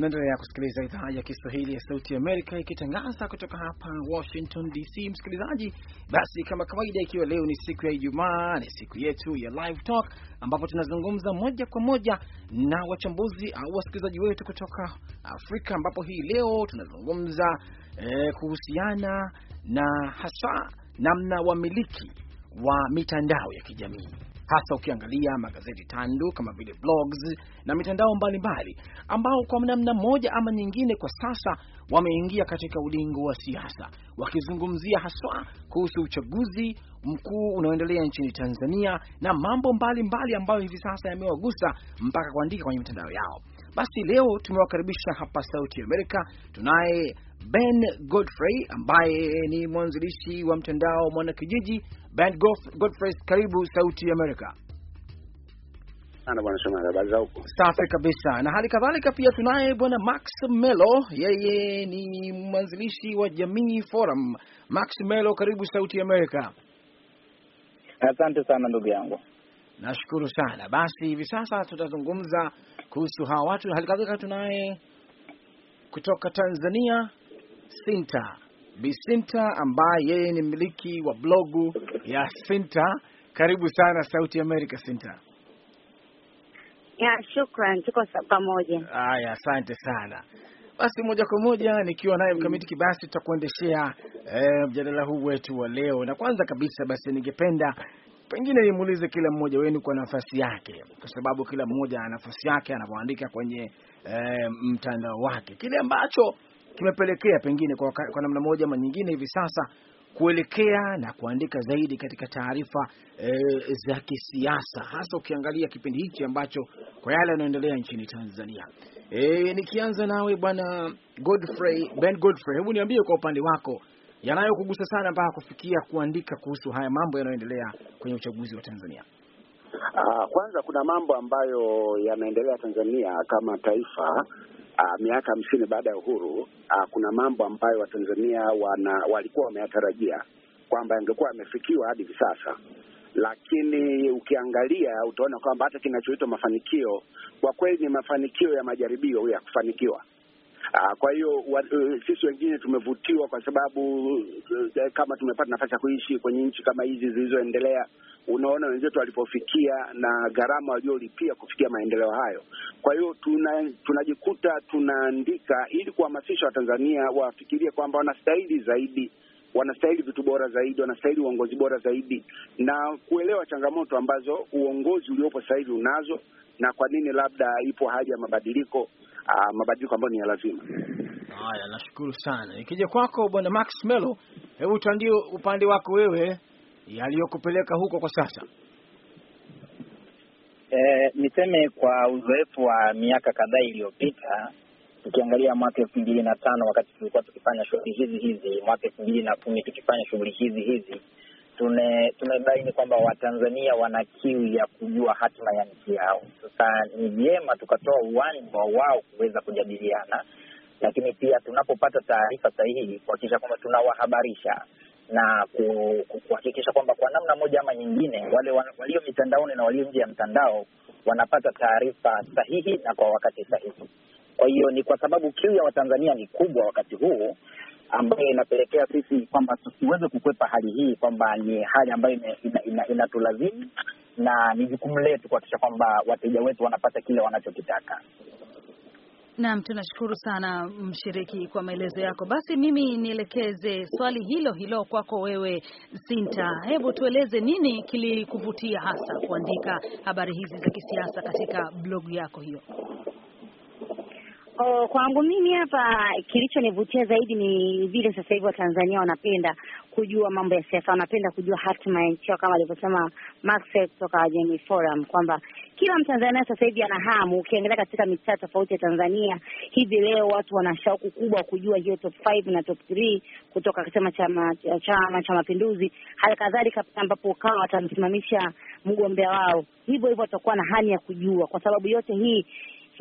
Naendelea kusikiliza idhaa ya Kiswahili ya Sauti Amerika ikitangaza kutoka hapa Washington DC. Msikilizaji, basi kama kawaida, ikiwa leo ni siku ya Ijumaa, ni siku yetu ya Live Talk ambapo tunazungumza moja kwa moja na wachambuzi au wasikilizaji wetu kutoka Afrika, ambapo hii leo tunazungumza eh, kuhusiana na hasa namna wamiliki wa mitandao ya kijamii hasa ukiangalia magazeti tandu kama vile blogs na mitandao mbalimbali mbali, ambao kwa namna moja ama nyingine kwa sasa wameingia katika ulingo wa siasa wakizungumzia haswa kuhusu uchaguzi mkuu unaoendelea nchini Tanzania na mambo mbalimbali mbali ambayo hivi sasa yamewagusa mpaka kuandika kwenye mitandao yao. Basi leo tumewakaribisha hapa Sauti ya Amerika. Tunaye Ben Godfrey ambaye ni mwanzilishi wa mtandao Mwanakijiji Bad Godfrey, karibu Sauti ya Amerika. Safi kabisa, na hali kadhalika pia tunaye bwana Max Melo, yeye ni mwanzilishi wa Jamii Forum. Max Melo, karibu Sauti ya Amerika. Asante sana ndugu yangu. Nashukuru sana. Basi hivi sasa tutazungumza kuhusu hawa watu, hali kadhalika tunaye kutoka Tanzania Sinta Bisinta ambaye yeye ni mmiliki wa blogu ya Sinta. Karibu sana Sauti America, Sinta. Ya, shukran, tuko pamoja. Haya, asante sana. Basi moja kwa moja nikiwa naye Mkamiti Kibasi tutakuendeshea eh, mjadala huu wetu wa leo, na kwanza kabisa basi ningependa pengine nimuulize kila mmoja wenu kwa nafasi yake, kwa sababu kila mmoja ana nafasi yake anapoandika kwenye eh, mtandao wake, kile ambacho kimepelekea pengine kwa, kwa namna moja ama nyingine hivi sasa kuelekea na kuandika zaidi katika taarifa e, za kisiasa, hasa ukiangalia kipindi hichi ambacho kwa yale yanayoendelea nchini Tanzania. E, nikianza nawe bwana Godfrey, Ben Godfrey, hebu niambie kwa upande wako yanayokugusa sana mpaka kufikia kuandika kuhusu haya mambo yanayoendelea kwenye uchaguzi wa Tanzania. Ah, kwanza kuna mambo ambayo yanaendelea Tanzania kama taifa uh, miaka hamsini baada ya uhuru uh, kuna mambo ambayo Watanzania wana, walikuwa wameyatarajia kwamba yangekuwa yamefikiwa hadi hivi sasa, lakini ukiangalia utaona kwamba hata kinachoitwa mafanikio kwa kweli ni mafanikio ya majaribio ya kufanikiwa. Aa, ah, kwa hiyo uh, sisi wengine tumevutiwa kwa sababu uh, kama tumepata nafasi ya kuishi kwenye nchi kama hizi zilizoendelea, unaona wenzetu walipofikia na gharama waliolipia kufikia maendeleo hayo. Kwa hiyo tuna, tunajikuta tunaandika ili kuhamasisha Watanzania wafikirie kwamba wanastahili zaidi wanastahili vitu bora zaidi, wanastahili uongozi bora zaidi, na kuelewa changamoto ambazo uongozi uliopo sasa hivi unazo na kwa nini labda ipo haja ya mabadiliko uh, mabadiliko ambayo ni ya lazima. Haya, nashukuru sana. ikija kwako bwana Max Melo, hebu tuandie upande wako wewe, yaliyokupeleka huko kwa sasa. E, niseme kwa uzoefu wa miaka kadhaa iliyopita tukiangalia mwaka elfu mbili na tano wakati tulikuwa tukifanya shughuli hizi hizi, mwaka elfu mbili na kumi tukifanya shughuli hizi hizi tumebaini kwamba Watanzania wana kiu ya kujua hatima ya nchi yao. Sasa ni vyema tukatoa uwanja wao kuweza kujadiliana, lakini pia tunapopata taarifa sahihi kuhakikisha kwamba tunawahabarisha na kuhakikisha kwamba kwa namna moja ama nyingine wale walio mitandaoni na walio nje ya mtandao wanapata taarifa sahihi na kwa wakati sahihi. Kwa hiyo ni kwa sababu kiu ya Watanzania ni kubwa wakati huu ambayo inapelekea sisi kwamba tusiweze kukwepa hali hii, kwamba ni hali ambayo inatulazimu ina, ina, ina na ni jukumu letu kuhakikisha kwamba wateja wetu wanapata kile wanachokitaka. Naam, tunashukuru sana mshiriki kwa maelezo yako. Basi mimi nielekeze swali hilo hilo kwako wewe Sinta. Hebu tueleze nini kilikuvutia hasa kuandika habari hizi za kisiasa katika blogu yako hiyo? Oh, kwangu mimi hapa kilichonivutia zaidi ni vile sasa hivi Watanzania wanapenda kujua mambo ya siasa, wanapenda kujua hatima ya nchi yao, kama alivyosema Max kutoka Jamii Forum kwamba kila Mtanzania sasa hivi ana hamu. Ukiangalia katika mitaa tofauti ya Tanzania hivi leo, watu wana shauku kubwa kujua hiyo top 5 na top 3 kutoka chama cha Mapinduzi, hali kadhalika ambapo ukawa watamsimamisha mgombea wao, hivyo hivyo watakuwa na hali ya kujua, kwa sababu yote hii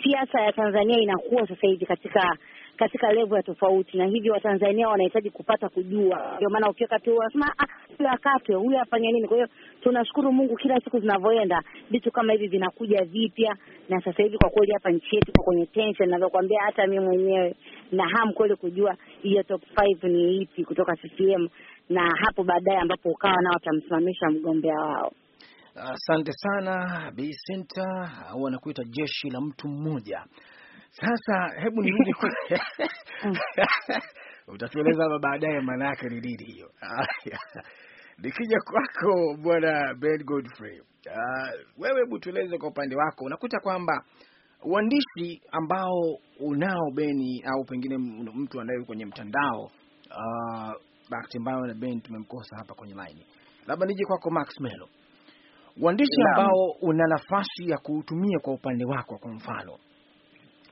siasa ya Tanzania inakuwa sasa hivi katika katika level ya tofauti, na hivyo Watanzania wanahitaji kupata kujua. Ndio maana ukiweka tu unasema ah, huyo akatwe, huyu afanye nini. Kwa hiyo tunashukuru Mungu, kila siku zinavyoenda vitu kama hivi vinakuja vipya, na sasa hivi kwa kweli hapa nchi yetu kwa kwenye tension, navyokwambia hata mimi mwenyewe na hamu kweli kujua hiyo top 5 ni ipi kutoka CCM, na hapo baadaye ambapo ukawa nao watamsimamisha mgombea wao. Asante sana Bi Senta, au anakuita jeshi la mtu mmoja. Sasa hebu nirudi kwa utatueleza hapa baadaye maana yake ni nini hiyo. Nikija kwako bwana Ben Godfrey, uh, wewe hebu tueleze kwa upande wako, unakuta kwamba uandishi ambao unao Beni au pengine mtu anaye kwenye mtandao uh, bahati mbaya na Ben tumemkosa hapa kwenye line. labda nije kwako Max Melo wandishi ambao una nafasi ya kuutumia kwa upande wako, kwa mfano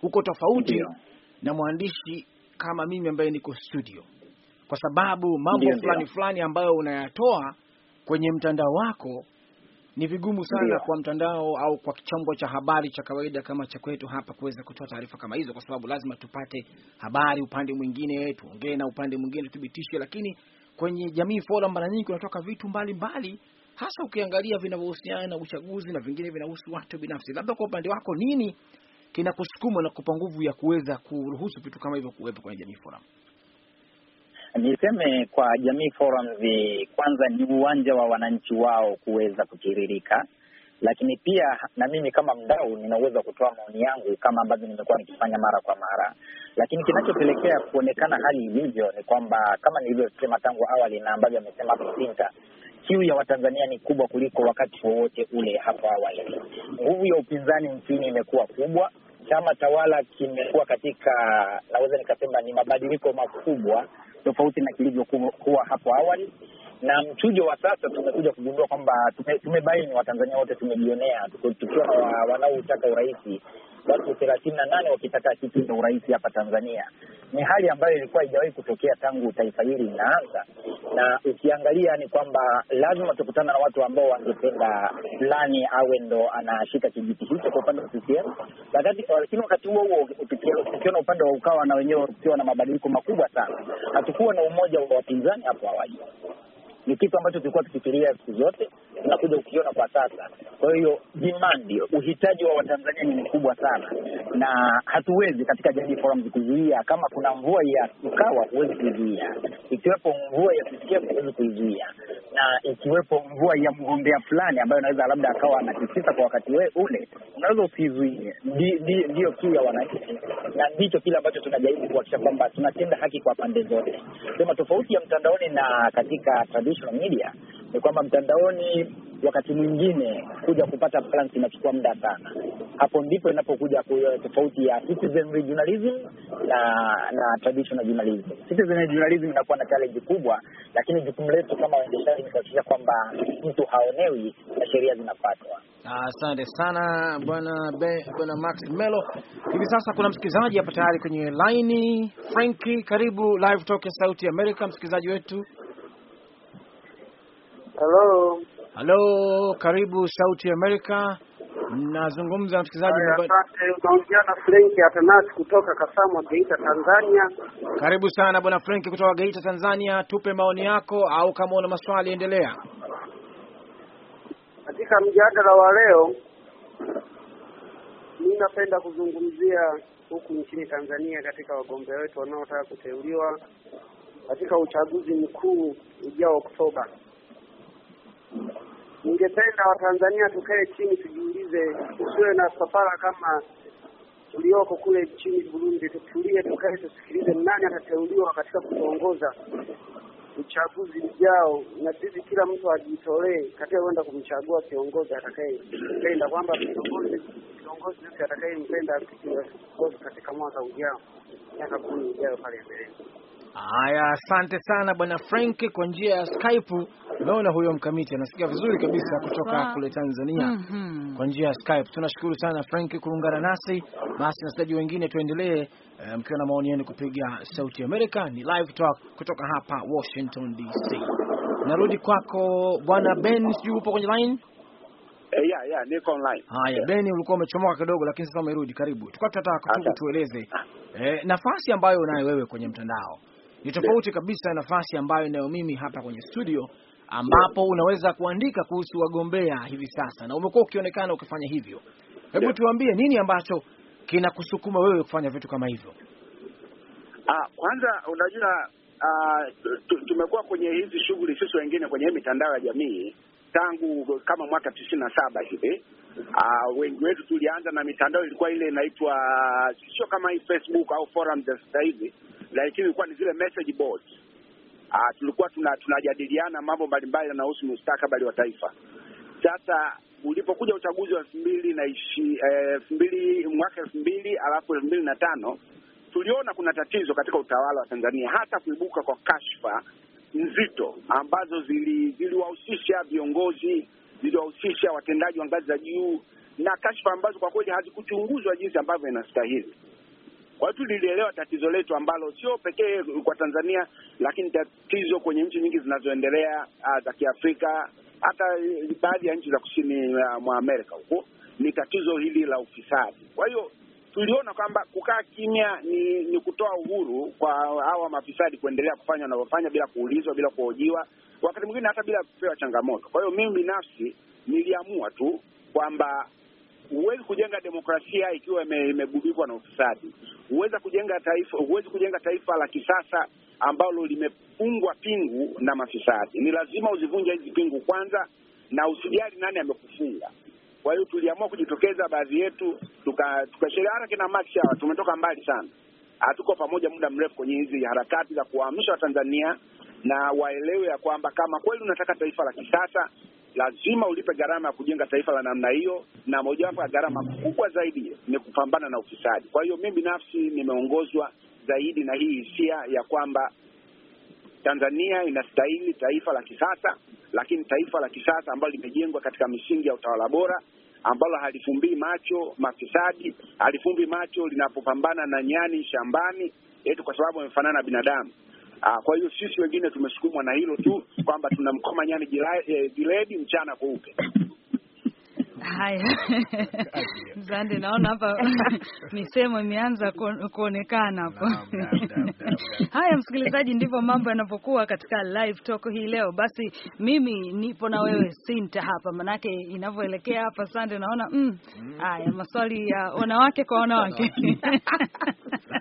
uko tofauti Ndiyo. na mwandishi kama mimi ambaye niko studio, kwa sababu mambo fulani fulani ambayo unayatoa kwenye mtandao wako ni vigumu sana Ndiyo. kwa mtandao au kwa chombo cha habari cha kawaida kama cha kwetu hapa kuweza kutoa taarifa kama hizo, kwa sababu lazima tupate habari upande mwingine, tuongee na upande mwingine tuthibitishe. Lakini kwenye Jamii Forum mara nyingi unatoka vitu mbalimbali mbali, hasa ukiangalia vinavyohusiana na uchaguzi na vingine vinahusu watu binafsi. Labda kwa upande wako, nini kinakusukuma na kupa nguvu ya kuweza kuruhusu vitu kama hivyo kuwepo kwenye Jamii Forum? Niseme kwa Jamii Forum, kwanza ni uwanja wa wananchi wao kuweza kutiririka, lakini pia na mimi kama mdau ninaweza kutoa maoni yangu kama ambavyo nimekuwa nikifanya mara kwa mara, lakini kinachopelekea kuonekana hali ilivyo ni kwamba kama nilivyosema tangu awali na ambavyo amesema hapo Sinta, kiu ya Watanzania ni kubwa kuliko wakati wowote ule hapo awali. Nguvu ya upinzani nchini imekuwa kubwa. Chama tawala kimekuwa katika, naweza nikasema ni mabadiliko makubwa tofauti na kilivyokuwa hapo awali na mchujo wa sasa tumekuja kugundua kwamba tumebaini, tume Watanzania wote tumejionea, tukiwa na wanaotaka urais watu thelathini na nane wakitaka kitu cha urais hapa Tanzania. Ni hali ambayo ilikuwa haijawahi kutokea tangu taifa hili linaanza, na ukiangalia ni kwamba lazima tukutana na watu ambao wangependa fulani awe ndo anashika kijiti hicho kwa upande wa CCM, lakini wakati huo huo ukiona upande wa Ukawa na wenyewe ukiwa na mabadiliko makubwa sana. Hatukuwa na umoja wa wapinzani hapo awaji ni kitu ambacho tulikuwa tukifikiria siku zote, tunakuja kukiona kwa sasa. Kwa hiyo demand, uhitaji wa Watanzania ni mkubwa sana, na hatuwezi katika Jiji Forums kuzuia. Kama kuna mvua ya Ukawa huwezi kuizuia, ikiwepo mvua ya kusikia huwezi kuizuia, na ikiwepo mvua ya mgombea fulani ambayo anaweza labda akawa anatisisa kwa wakati we, ule unaweza usizuie. Ndiyo kiu ya wananchi, na ndicho kile ambacho tunajaribu kuhakikisha kwamba tunatenda haki kwa pande zote, sema tofauti ya mtandaoni na katika social media ni kwamba mtandaoni wakati mwingine kuja kupata balance inachukua muda sana. Hapo ndipo inapokuja tofauti ya citizen journalism na na traditional journalism. Citizen journalism inakuwa na challenge kubwa, lakini jukumu letu kama waendeshaji ni kuhakikisha kwamba mtu haonewi na sheria zinafuatwa. Asante sana bwana bwana Max Melo. Hivi sasa kuna msikilizaji hapa tayari kwenye line. Frankie, karibu live talk ya Sauti ya msikilizaji wetu Hello. Hello, karibu Sauti Amerika. Mnazungumza msikilizaji. Unaongea na Frenki Atanasi kutoka Kasamwa, Geita, Tanzania. Karibu sana bwana Frenki kutoka Geita, Tanzania. Tupe maoni yako, au kama una maswali endelea. Katika mjadala wa leo, mimi napenda kuzungumzia huku nchini Tanzania, katika wagombea wetu wanaotaka kuteuliwa katika uchaguzi mkuu ujao Oktoba Ningependa Watanzania tukae chini tujiulize, usiwe na papara kama ulioko kule chini Burundi. Tutulie, tukae, tusikilize nani atateuliwa katika kutuongoza uchaguzi ujao, na sisi kila mtu ajitolee katika kwenda kumchagua kiongozi atakayempenda, kwamba kiongozi kiongozi yote atakayempenda katika mwaka ujao, miaka kumi ujao pale mbeleni. Haya, asante sana bwana Frank kwa njia ya Skype. Naona huyo mkamiti anasikia vizuri kabisa kutoka wow, kule Tanzania mm -hmm, kwa njia ya Skype. Tunashukuru sana Frank kuungana nasi. Basi nastaji wengine tuendelee, e, mkiwa na maoni yenu kupiga sauti Amerika. Ni live talk kutoka hapa Washington DC. Narudi kwako bwana Ben, sijui upo kwenye line? Eh, yeah, yeah, niko online. Haya, yeah. Ben ulikuwa umechomoka kidogo lakini sasa umerudi, karibu. Tukataka tunataka tueleze ah. eh, nafasi ambayo unayo wewe kwenye mtandao ni tofauti kabisa nafasi ambayo inayo mimi hapa kwenye studio ambapo unaweza kuandika kuhusu wagombea hivi sasa, na umekuwa ukionekana ukifanya hivyo. Hebu tuambie nini ambacho kinakusukuma wewe kufanya vitu kama hivyo? Ah, kwanza unajua ah, tumekuwa kwenye hizi shughuli sisi wengine kwenye mitandao ya jamii tangu kama mwaka tisini na saba hivi. Uh, wengi wetu tulianza na mitandao ilikuwa ile inaitwa sio kama hii Facebook au forum za sasa hivi, lakini ilikuwa ni zile message board. Ah, tulikuwa tuna, tunajadiliana mambo mbalimbali yanayohusu mustakabali wa taifa. Sasa ulipokuja uchaguzi wa elfu mbili na ishi eh, elfu mbili mwaka elfu mbili alafu elfu mbili na tano tuliona kuna tatizo katika utawala wa Tanzania, hata kuibuka kwa kashfa nzito ambazo ziliwahusisha zili viongozi, ziliwahusisha watendaji wa ngazi za juu na kashfa ambazo kwa kweli hazikuchunguzwa jinsi ambavyo inastahili. Kwa hiyo tulielewa tatizo letu ambalo sio pekee kwa Tanzania, lakini tatizo kwenye nchi nyingi zinazoendelea ah, za Kiafrika, hata baadhi ya nchi za kusini ah, mwa Amerika huko, ni tatizo hili la ufisadi. Kwa hiyo tuliona kwamba kukaa kimya ni, ni kutoa uhuru kwa hawa mafisadi kuendelea kufanya wanavyofanya bila kuulizwa, bila kuhojiwa, wakati mwingine hata bila kupewa changamoto. Kwa hiyo mimi binafsi niliamua tu kwamba Huwezi kujenga demokrasia ikiwa imegubikwa na ufisadi. Huwezi kujenga taifa, huwezi kujenga taifa la kisasa ambalo limefungwa pingu na mafisadi. Ni lazima uzivunje hizi pingu kwanza, na usijali nani amekufunga. Kwa hiyo tuliamua kujitokeza baadhi yetu tuka Hata kina Max hawa tumetoka mbali sana, hatuko pamoja muda mrefu kwenye hizi harakati za kuwaamsha Watanzania na waelewe ya kwamba kama kweli unataka taifa la kisasa lazima ulipe gharama ya kujenga taifa la namna hiyo, na mojawapo ya gharama kubwa zaidi ni kupambana na ufisadi. Kwa hiyo mimi binafsi nimeongozwa zaidi na hii hisia ya kwamba Tanzania inastahili taifa la kisasa, lakini taifa la kisasa ambalo limejengwa katika misingi ya utawala bora, ambalo halifumbii macho mafisadi, halifumbi macho linapopambana na nyani shambani, eti kwa sababu amefanana na binadamu. Aa, ah, kwa hiyo sisi wengine tumesukumwa na hilo tu kwamba mkoma nyani eh, jiledi eh, mchana kweupe. Haya, Zande, naona hapa misemo imeanza kuonekana hapo. Haya, msikilizaji, ndivyo mambo yanavyokuwa katika live talk hii leo. Basi mimi nipo na wewe Sinta hapa, manake inavyoelekea hapa Sande, naona mm, mm. haya maswali ya wanawake kwa wanawake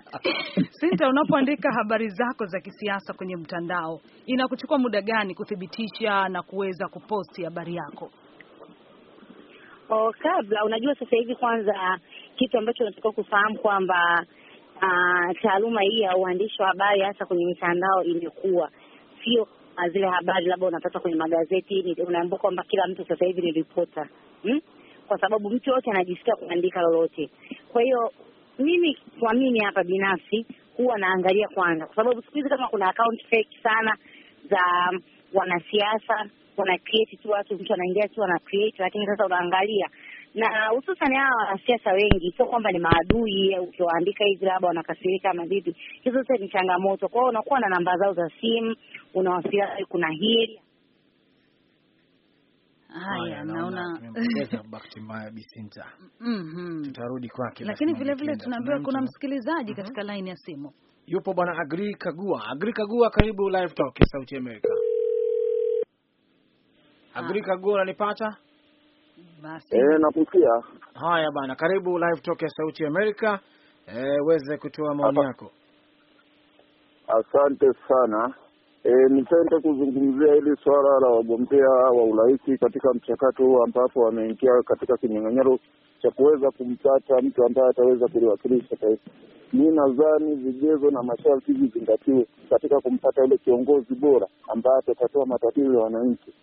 Sinta, unapoandika habari zako za kisiasa kwenye mtandao inakuchukua muda gani kuthibitisha na kuweza kuposti habari yako? Oh, kabla unajua, sasa hivi kwanza kitu ambacho unatakiwa kufahamu kwamba uh, taaluma hii ya uandishi wa habari hasa kwenye mitandao imekuwa sio ah, zile habari labda unapata kwenye magazeti, unaambiwa kwamba kila mtu sasa hivi ni reporter hmm? Kwa sababu mtu yote anajisikia kuandika lolote. Kwa hiyo mimi kwa mimi hapa binafsi huwa naangalia kwanza, kwa sababu siku hizi kama kuna account fake sana za wanasiasa wana create tu watu, mtu anaingia tu ana create, lakini sasa unaangalia na hususan hawa wanasiasa wengi, sio kwamba ni maadui, eh, ukiwaandika hivi labda wanakasirika ama vipi, hizo zote ni changamoto. Kwa hiyo unakuwa na namba zao za simu, unawasiliana, kuna hili Haya, naona tumempoteza Baktimaya Bisinta. Mhm, tutarudi kwake, lakini vile vile tunaambiwa kuna msikilizaji mhm. katika line ya simu, yupo bwana Agri Kagua. Agri Kagua, karibu Live Talk ya Sauti Amerika. Agri ah. Kagua, unanipata? Basi eh, nakusikia. Haya bana, karibu Live Talk ya Sauti Amerika, eh, uweze kutoa maoni yako. Asante sana. E, eh, nipende kuzungumzia hili swala la wagombea wa urais katika mchakato huu ambapo wameingia katika kinyang'anyiro cha kuweza kumpata mtu ambaye ataweza kuliwakilisha taifa. Mi nadhani vigezo na masharti vizingatiwe katika kumpata yule kiongozi bora ambaye atatatua matatizo ya wananchi,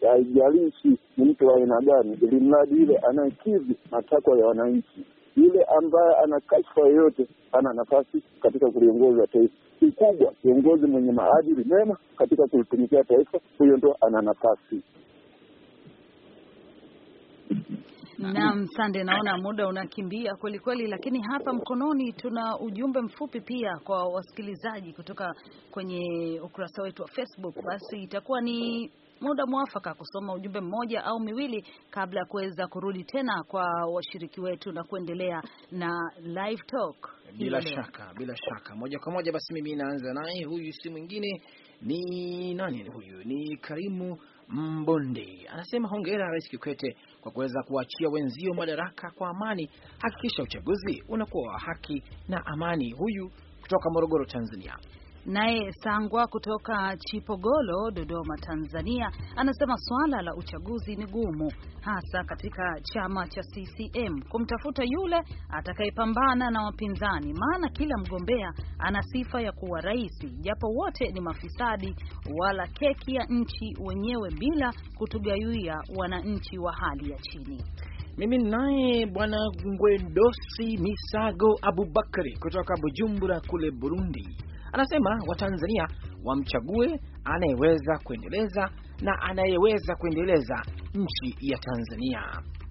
haijalishi ni mtu wa aina gani, ili mradi yule anayekidhi matakwa ya wananchi yule ambaye ana kashfa yoyote ana nafasi katika kuliongoza taifa. Kikubwa kiongozi mwenye maadili mema katika kulitumikia taifa, huyo ndo ana nafasi. Naam, Sande, naona muda unakimbia kweli kweli, lakini hapa mkononi tuna ujumbe mfupi pia kwa wasikilizaji kutoka kwenye ukurasa wetu wa Facebook. Basi itakuwa ni muda mwafaka kusoma ujumbe mmoja au miwili kabla ya kuweza kurudi tena kwa washiriki wetu na kuendelea na live talk. Bila shaka, bila shaka, moja kwa moja basi mimi naanza naye. Huyu si mwingine ni nani? Huyu ni Karimu Mbonde anasema hongera Rais Kikwete kwa kuweza kuachia wenzio madaraka kwa amani. Hakikisha uchaguzi unakuwa wa haki na amani. Huyu kutoka Morogoro, Tanzania. Naye Sangwa kutoka Chipogolo, Dodoma, Tanzania, anasema swala la uchaguzi ni gumu, hasa katika chama cha CCM kumtafuta yule atakayepambana na wapinzani, maana kila mgombea ana sifa ya kuwa rais, japo wote ni mafisadi, wala keki ya nchi wenyewe, bila kutugawia wananchi wa hali ya chini. Mimi naye bwana ngwedosi Misago Abubakari kutoka Bujumbura kule Burundi Anasema Watanzania wamchague anayeweza kuendeleza na anayeweza kuendeleza nchi ya Tanzania.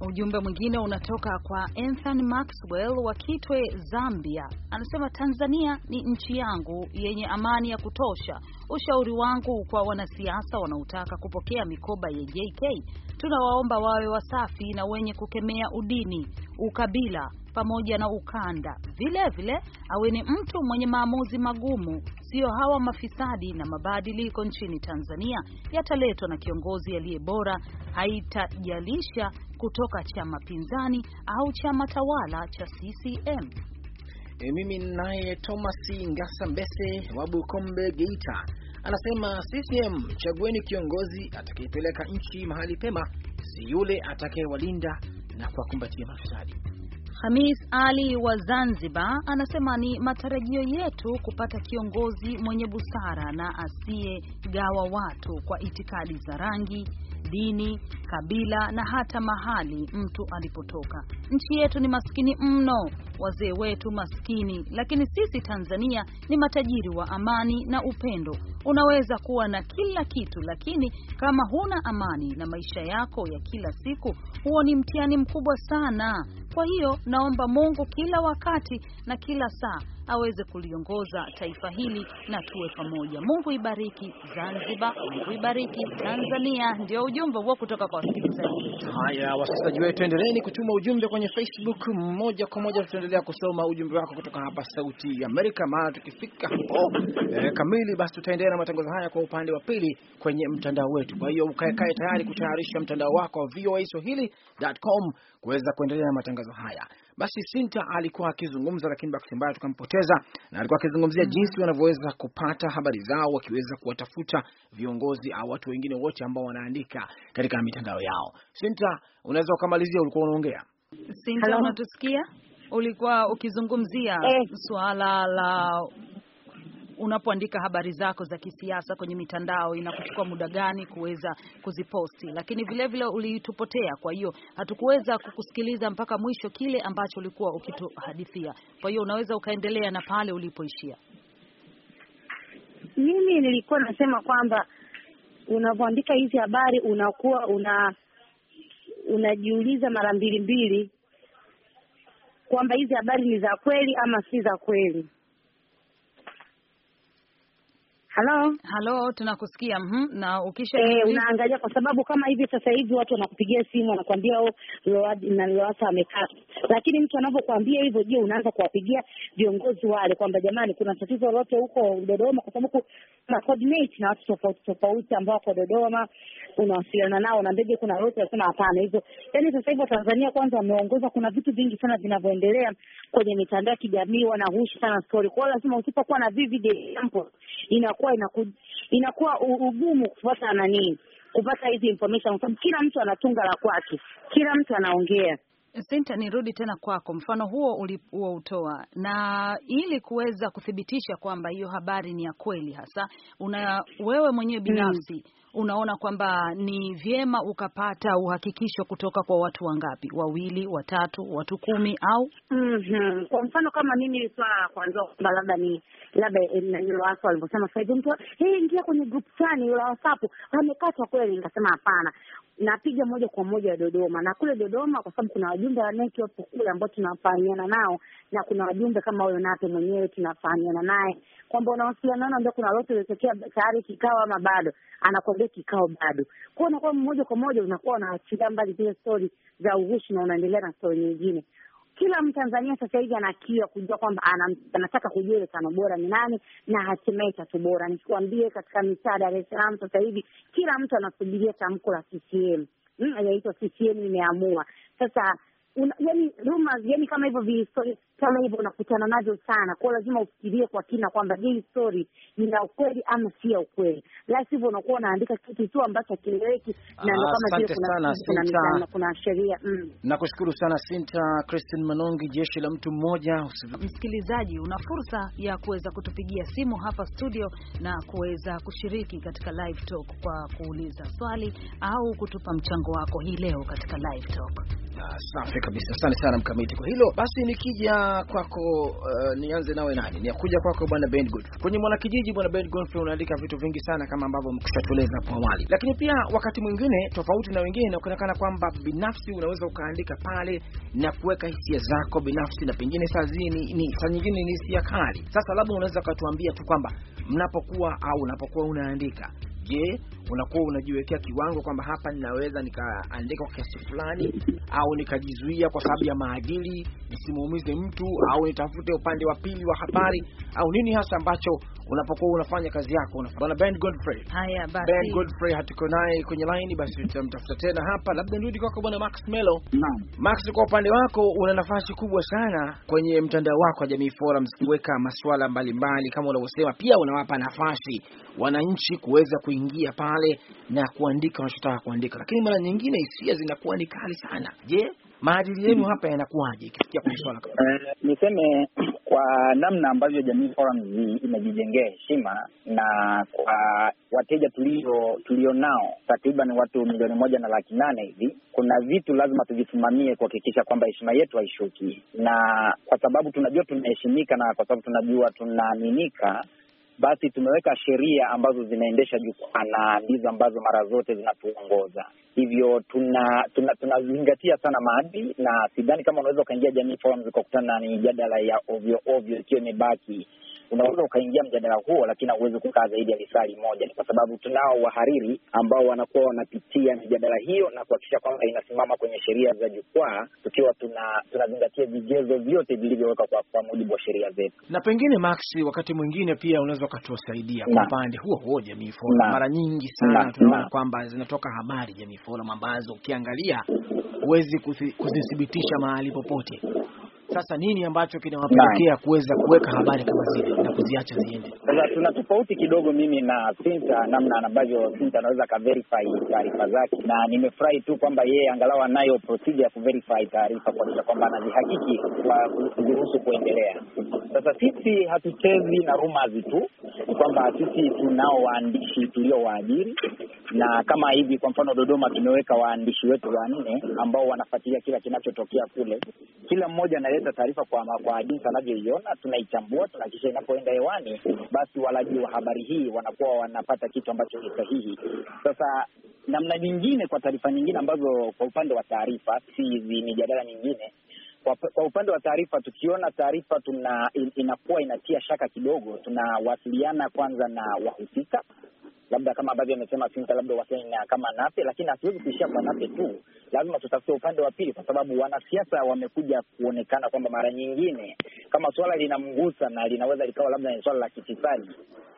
Ujumbe mwingine unatoka kwa Anthony Maxwell wa Kitwe, Zambia. Anasema Tanzania ni nchi yangu yenye amani ya kutosha. Ushauri wangu kwa wanasiasa wanaotaka kupokea mikoba ya JK, tunawaomba wawe wasafi na wenye kukemea udini, ukabila pamoja na ukanda. Vile vile awe ni mtu mwenye maamuzi magumu, sio hawa mafisadi. Na mabadiliko nchini Tanzania yataletwa na kiongozi aliye bora, haitajalisha kutoka chama pinzani au chama tawala cha CCM. E, mimi naye Thomas Ngasa Mbese wa Bukombe, Geita anasema CCM, chagueni kiongozi atakayepeleka nchi mahali pema, si yule atakayewalinda na kuwakumbatia mafisadi. Hamis Ali wa Zanzibar anasema ni matarajio yetu kupata kiongozi mwenye busara na asiyegawa watu kwa itikadi za rangi, dini, kabila na hata mahali mtu alipotoka. Nchi yetu ni maskini mno, wazee wetu maskini, lakini sisi Tanzania ni matajiri wa amani na upendo. Unaweza kuwa na kila kitu, lakini kama huna amani na maisha yako ya kila siku, huo ni mtihani mkubwa sana. Kwa hiyo naomba Mungu kila wakati na kila saa aweze kuliongoza taifa hili na tuwe pamoja. Mungu ibariki Zanzibar, Mungu ibariki Tanzania. Ndio ujumbe huo kutoka kwa wasikilizaji wetu. Haya, wasikilizaji wetu, endeleeni kutuma ujumbe kwenye Facebook moja kwa moja, tutaendelea kusoma ujumbe wako kutoka hapa Sauti ya Amerika, maana tukifika hapo eh, kamili, basi tutaendelea na matangazo haya kwa upande wa pili kwenye mtandao wetu. Kwa hiyo ukaekae tayari kutayarisha mtandao wako wa voaswahili.com kuweza kuendelea na matangazo haya. Basi Sinta alikuwa akizungumza, lakini bahati mbaya tukampoteza, na alikuwa akizungumzia mm -hmm. jinsi wanavyoweza kupata habari zao wakiweza kuwatafuta viongozi au watu wengine wote ambao wanaandika katika mitandao yao. Sinta, unaweza ukamalizia, ulikuwa unaongea. Sinta, unatusikia? Ulikuwa ukizungumzia eh, suala la unapoandika habari zako za kisiasa kwenye mitandao inakuchukua muda gani kuweza kuziposti, lakini vilevile ulitupotea. Kwa hiyo hatukuweza kukusikiliza mpaka mwisho kile ambacho ulikuwa ukituhadithia. Kwa hiyo unaweza ukaendelea na pale ulipoishia. Mimi nilikuwa nasema kwamba unapoandika hizi habari unakuwa una unajiuliza mara mbili mbili kwamba hizi habari ni za kweli ama si za kweli. Halo, halo, tunakusikia. mm Na ukisha e, unaangalia kwa sababu kama hivi sasa hivi watu wanakupigia simu wanakuambia oh, na Lowassa amekaa, lakini mtu anapokuambia hivyo, je, unaanza kuwapigia viongozi wale kwamba jamani, kuna tatizo lolote huko Dodoma? Kwa sababu kuna coordinate na watu tofauti tofauti ambao wako Dodoma, unawasiliana nao na ndege, kuna lolote wanasema hapana. Hizo yaani sasa hivi Tanzania kwanza wameongoza, kuna vitu vingi sana vinavyoendelea kwenye mitandao ya kijamii, wanahushi sana story Kwa hiyo lazima usipokuwa na vivid example ina inakuwa inaku, inakuwa ugumu kupata nani, kupata hizi information kwa sababu kila mtu anatunga la kwake, kila mtu anaongea. Sinta, nirudi tena kwako, mfano huo ulioutoa, na ili kuweza kuthibitisha kwamba hiyo habari ni ya kweli hasa una wewe mwenyewe hmm. binafsi mm unaona kwamba ni vyema ukapata uhakikisho kutoka kwa watu wangapi? Wawili, watatu, watu kumi au mm -hmm. Kwa mfano kama mimi nilikuwa kwanza kwamba labda ni labda watu walivyosema sasa hivi mtu hii ingia kwenye group fulani la WhatsApp wamekatwa kweli, nikasema hapana napiga moja kwa moja Dodoma na kule Dodoma, kwa sababu kuna wajumbe wa NEC wapo kule ambao tunafahamiana nao, na kuna wajumbe kama huyo Nape mwenyewe tunafahamiana naye kwamba unawasiliana nao, ndio kuna lolote lilitokea tayari kikawa ama bado, anakwambia kupiga kikao bado kwao, unakuwa moja kwa moja unakuwa unaachilia mbali zile stori za uhushi na unaendelea na stori nyingine. Kila Mtanzania sasa hivi ana kujua kwamba anataka kujua ile tano bora ni nani na hatimaye tatu bora. Nikwambie, katika mitaa Dar es Salaam sasa hivi kila mtu anasubiria tamko la CCM. Mm, inaitwa CCM imeamua sasa una, yani rumors, yani kama hivyo vihistori kama hivyo unakutana navyo sana kwa lazima ufikirie kwa kina kwamba hii story ina ukweli ama si ya ukweli, la sivyo unakuwa unaandika kitu tu ambacho hakieleweki, na ndio kama vile kuna kuna sheria mm. Nakushukuru sana Sinta Christine Manongi, jeshi la mtu mmoja. Msikilizaji, una fursa ya kuweza kutupigia simu hapa studio na kuweza kushiriki katika live talk kwa kuuliza swali au kutupa mchango wako hii leo katika live talk. Safi kabisa. Asante sana Mkamiti kwa hilo. Basi nikija kwako, uh, nianze nawe nani, niakuja kwako bwana Ben Good kwenye Mwanakijiji. Bwana Ben Good unaandika vitu vingi sana kama ambavyo mkushatueleza hapo awali, lakini pia wakati mwingine tofauti na wengine inaonekana kwamba binafsi unaweza ukaandika pale na kuweka hisia zako binafsi, na pengine saa zini ni saa nyingine ni hisia kali. Sasa labda unaweza ukatuambia tu kwamba mnapokuwa au unapokuwa unaandika Je, unakuwa unajiwekea kiwango kwamba hapa ninaweza nikaandika kwa kiasi fulani, au nikajizuia kwa sababu ya maadili nisimuumize mtu, au nitafute upande wa pili wa habari, au nini hasa ambacho unapokuwa unafanya kazi yako. Bwana Ben Godfrey, haya basi, Ben Godfrey hatuko naye kwenye line, basi tutamtafuta tena hapa. Labda nirudi kwako Bwana Max Melo. Naam, Max, kwa upande wako una nafasi kubwa sana kwenye mtandao wako wa Jamii Forums kuweka masuala mbalimbali kama unavyosema, pia unawapa nafasi wananchi kuweza kuingia pale na kuandika wanachotaka kuandika, lakini mara nyingine hisia zinakuwa ni kali sana. Je, maadili yenu hapa yanakuwaje ikifikia kwenye swala kama hili? Eh, niseme kwa namna ambavyo Jamii forum imejijengea heshima na kwa wateja tulio tulionao takriban watu milioni moja na laki nane hivi, kuna vitu lazima tuvisimamie kuhakikisha kwamba heshima yetu haishuki, na kwa sababu tunajua tunaheshimika na kwa sababu tunajua tunaaminika basi tumeweka sheria ambazo zinaendesha jukwaa na ndizo ambazo mara zote zinatuongoza. Hivyo tunazingatia tuna, tuna sana maadili, na sidhani kama unaweza ukaingia Jamii Forums ukakutana ni jadala ya ovyo ovyo ikiwa imebaki unaweza ukaingia mjadala huo, lakini hauwezi kukaa zaidi ya lisali moja. Ni kwa sababu tunao wahariri ambao wanakuwa wanapitia mijadala hiyo na kuhakikisha kwamba inasimama kwenye sheria za jukwaa, tukiwa tunazingatia tuna vigezo vyote vilivyowekwa kwa, kwa mujibu wa sheria zetu. Na pengine Max, wakati mwingine pia unaweza ukatusaidia kwa upande huo huo Jamii Forum. Mara nyingi sana tunaona kwamba zinatoka habari Jamii Forum ambazo ukiangalia huwezi kuzithibitisha mahali popote sasa nini ambacho kinawapelekea kuweza kuweka habari kama zile na kuziacha ziende? Sasa tuna tofauti kidogo mimi na Sinta, namna ambavyo Sinta anaweza kaverify taarifa zake, na nimefurahi tu kwamba yeye angalau anayo procedure ya kuverify taarifa kuakisha kwamba anazihakiki kwa kuziruhusu kuendelea. Sasa sisi hatuchezi na rumors tu, ni kwamba sisi tunao waandishi tulio waajiri na kama hivi kwa mfano Dodoma tumeweka waandishi wetu wanne ambao wanafuatilia kila kinachotokea kule kila mmoja analeta taarifa kwa kwa jinsi anavyoiona, tunaichambua, tunahakikisha inapoenda hewani, basi walaji wa habari hii wanakuwa wanapata kitu ambacho ni sahihi. Sasa namna nyingine, kwa taarifa nyingine ambazo kwa upande wa taarifa, si hizi mijadala mingine kwa, kwa upande wa taarifa tukiona taarifa tuna in, inakuwa inatia shaka kidogo, tunawasiliana kwanza na wahusika labda kama ambavyo amesema Sinta, labda Wakenya kama Nape, lakini hatuwezi kuishia kwa Nape tu, lazima tutafute upande wa pili, kwa sababu wanasiasa wamekuja kuonekana kwamba mara nyingine kama swala linamgusa na linaweza likawa labda ni swala la kitisani,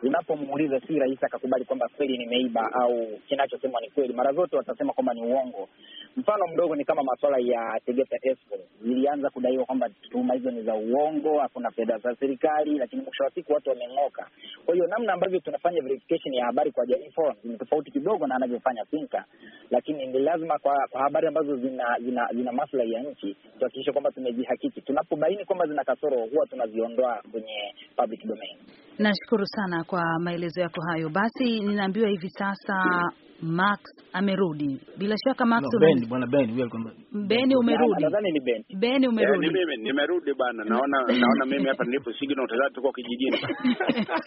unapomuuliza si rahisi akakubali kwamba kweli nimeiba au kinachosemwa ni kweli. Mara zote watasema kwamba ni uongo, Mfano mdogo ni kama masuala ya Tegeta Escrow, ilianza kudaiwa kwamba tuhuma hizo ni za uongo, hakuna fedha za serikali, lakini mwisho wa siku watu wameng'oka. Kwa hiyo namna ambavyo tunafanya verification ya habari kwa Jamii Forums ni tofauti kidogo na anavyofanya Finca, lakini ni lazima kwa, kwa habari ambazo zina zina, zina maslahi ya nchi tuhakikishe kwamba tumejihakiki. Tunapobaini kwamba zina kasoro, huwa tunaziondoa kwenye public domain. Nashukuru sana kwa maelezo yako hayo. Basi ninaambiwa hivi sasa Max amerudi. Bila shaka Max no, Ben, bwana Ben, wewe Ben umerudi. Nadhani ni Ben. Ben eh, umerudi. Yeah, mimi nimerudi bana. Naona naona mimi hapa nilipo sigino tazama tuko kijijini.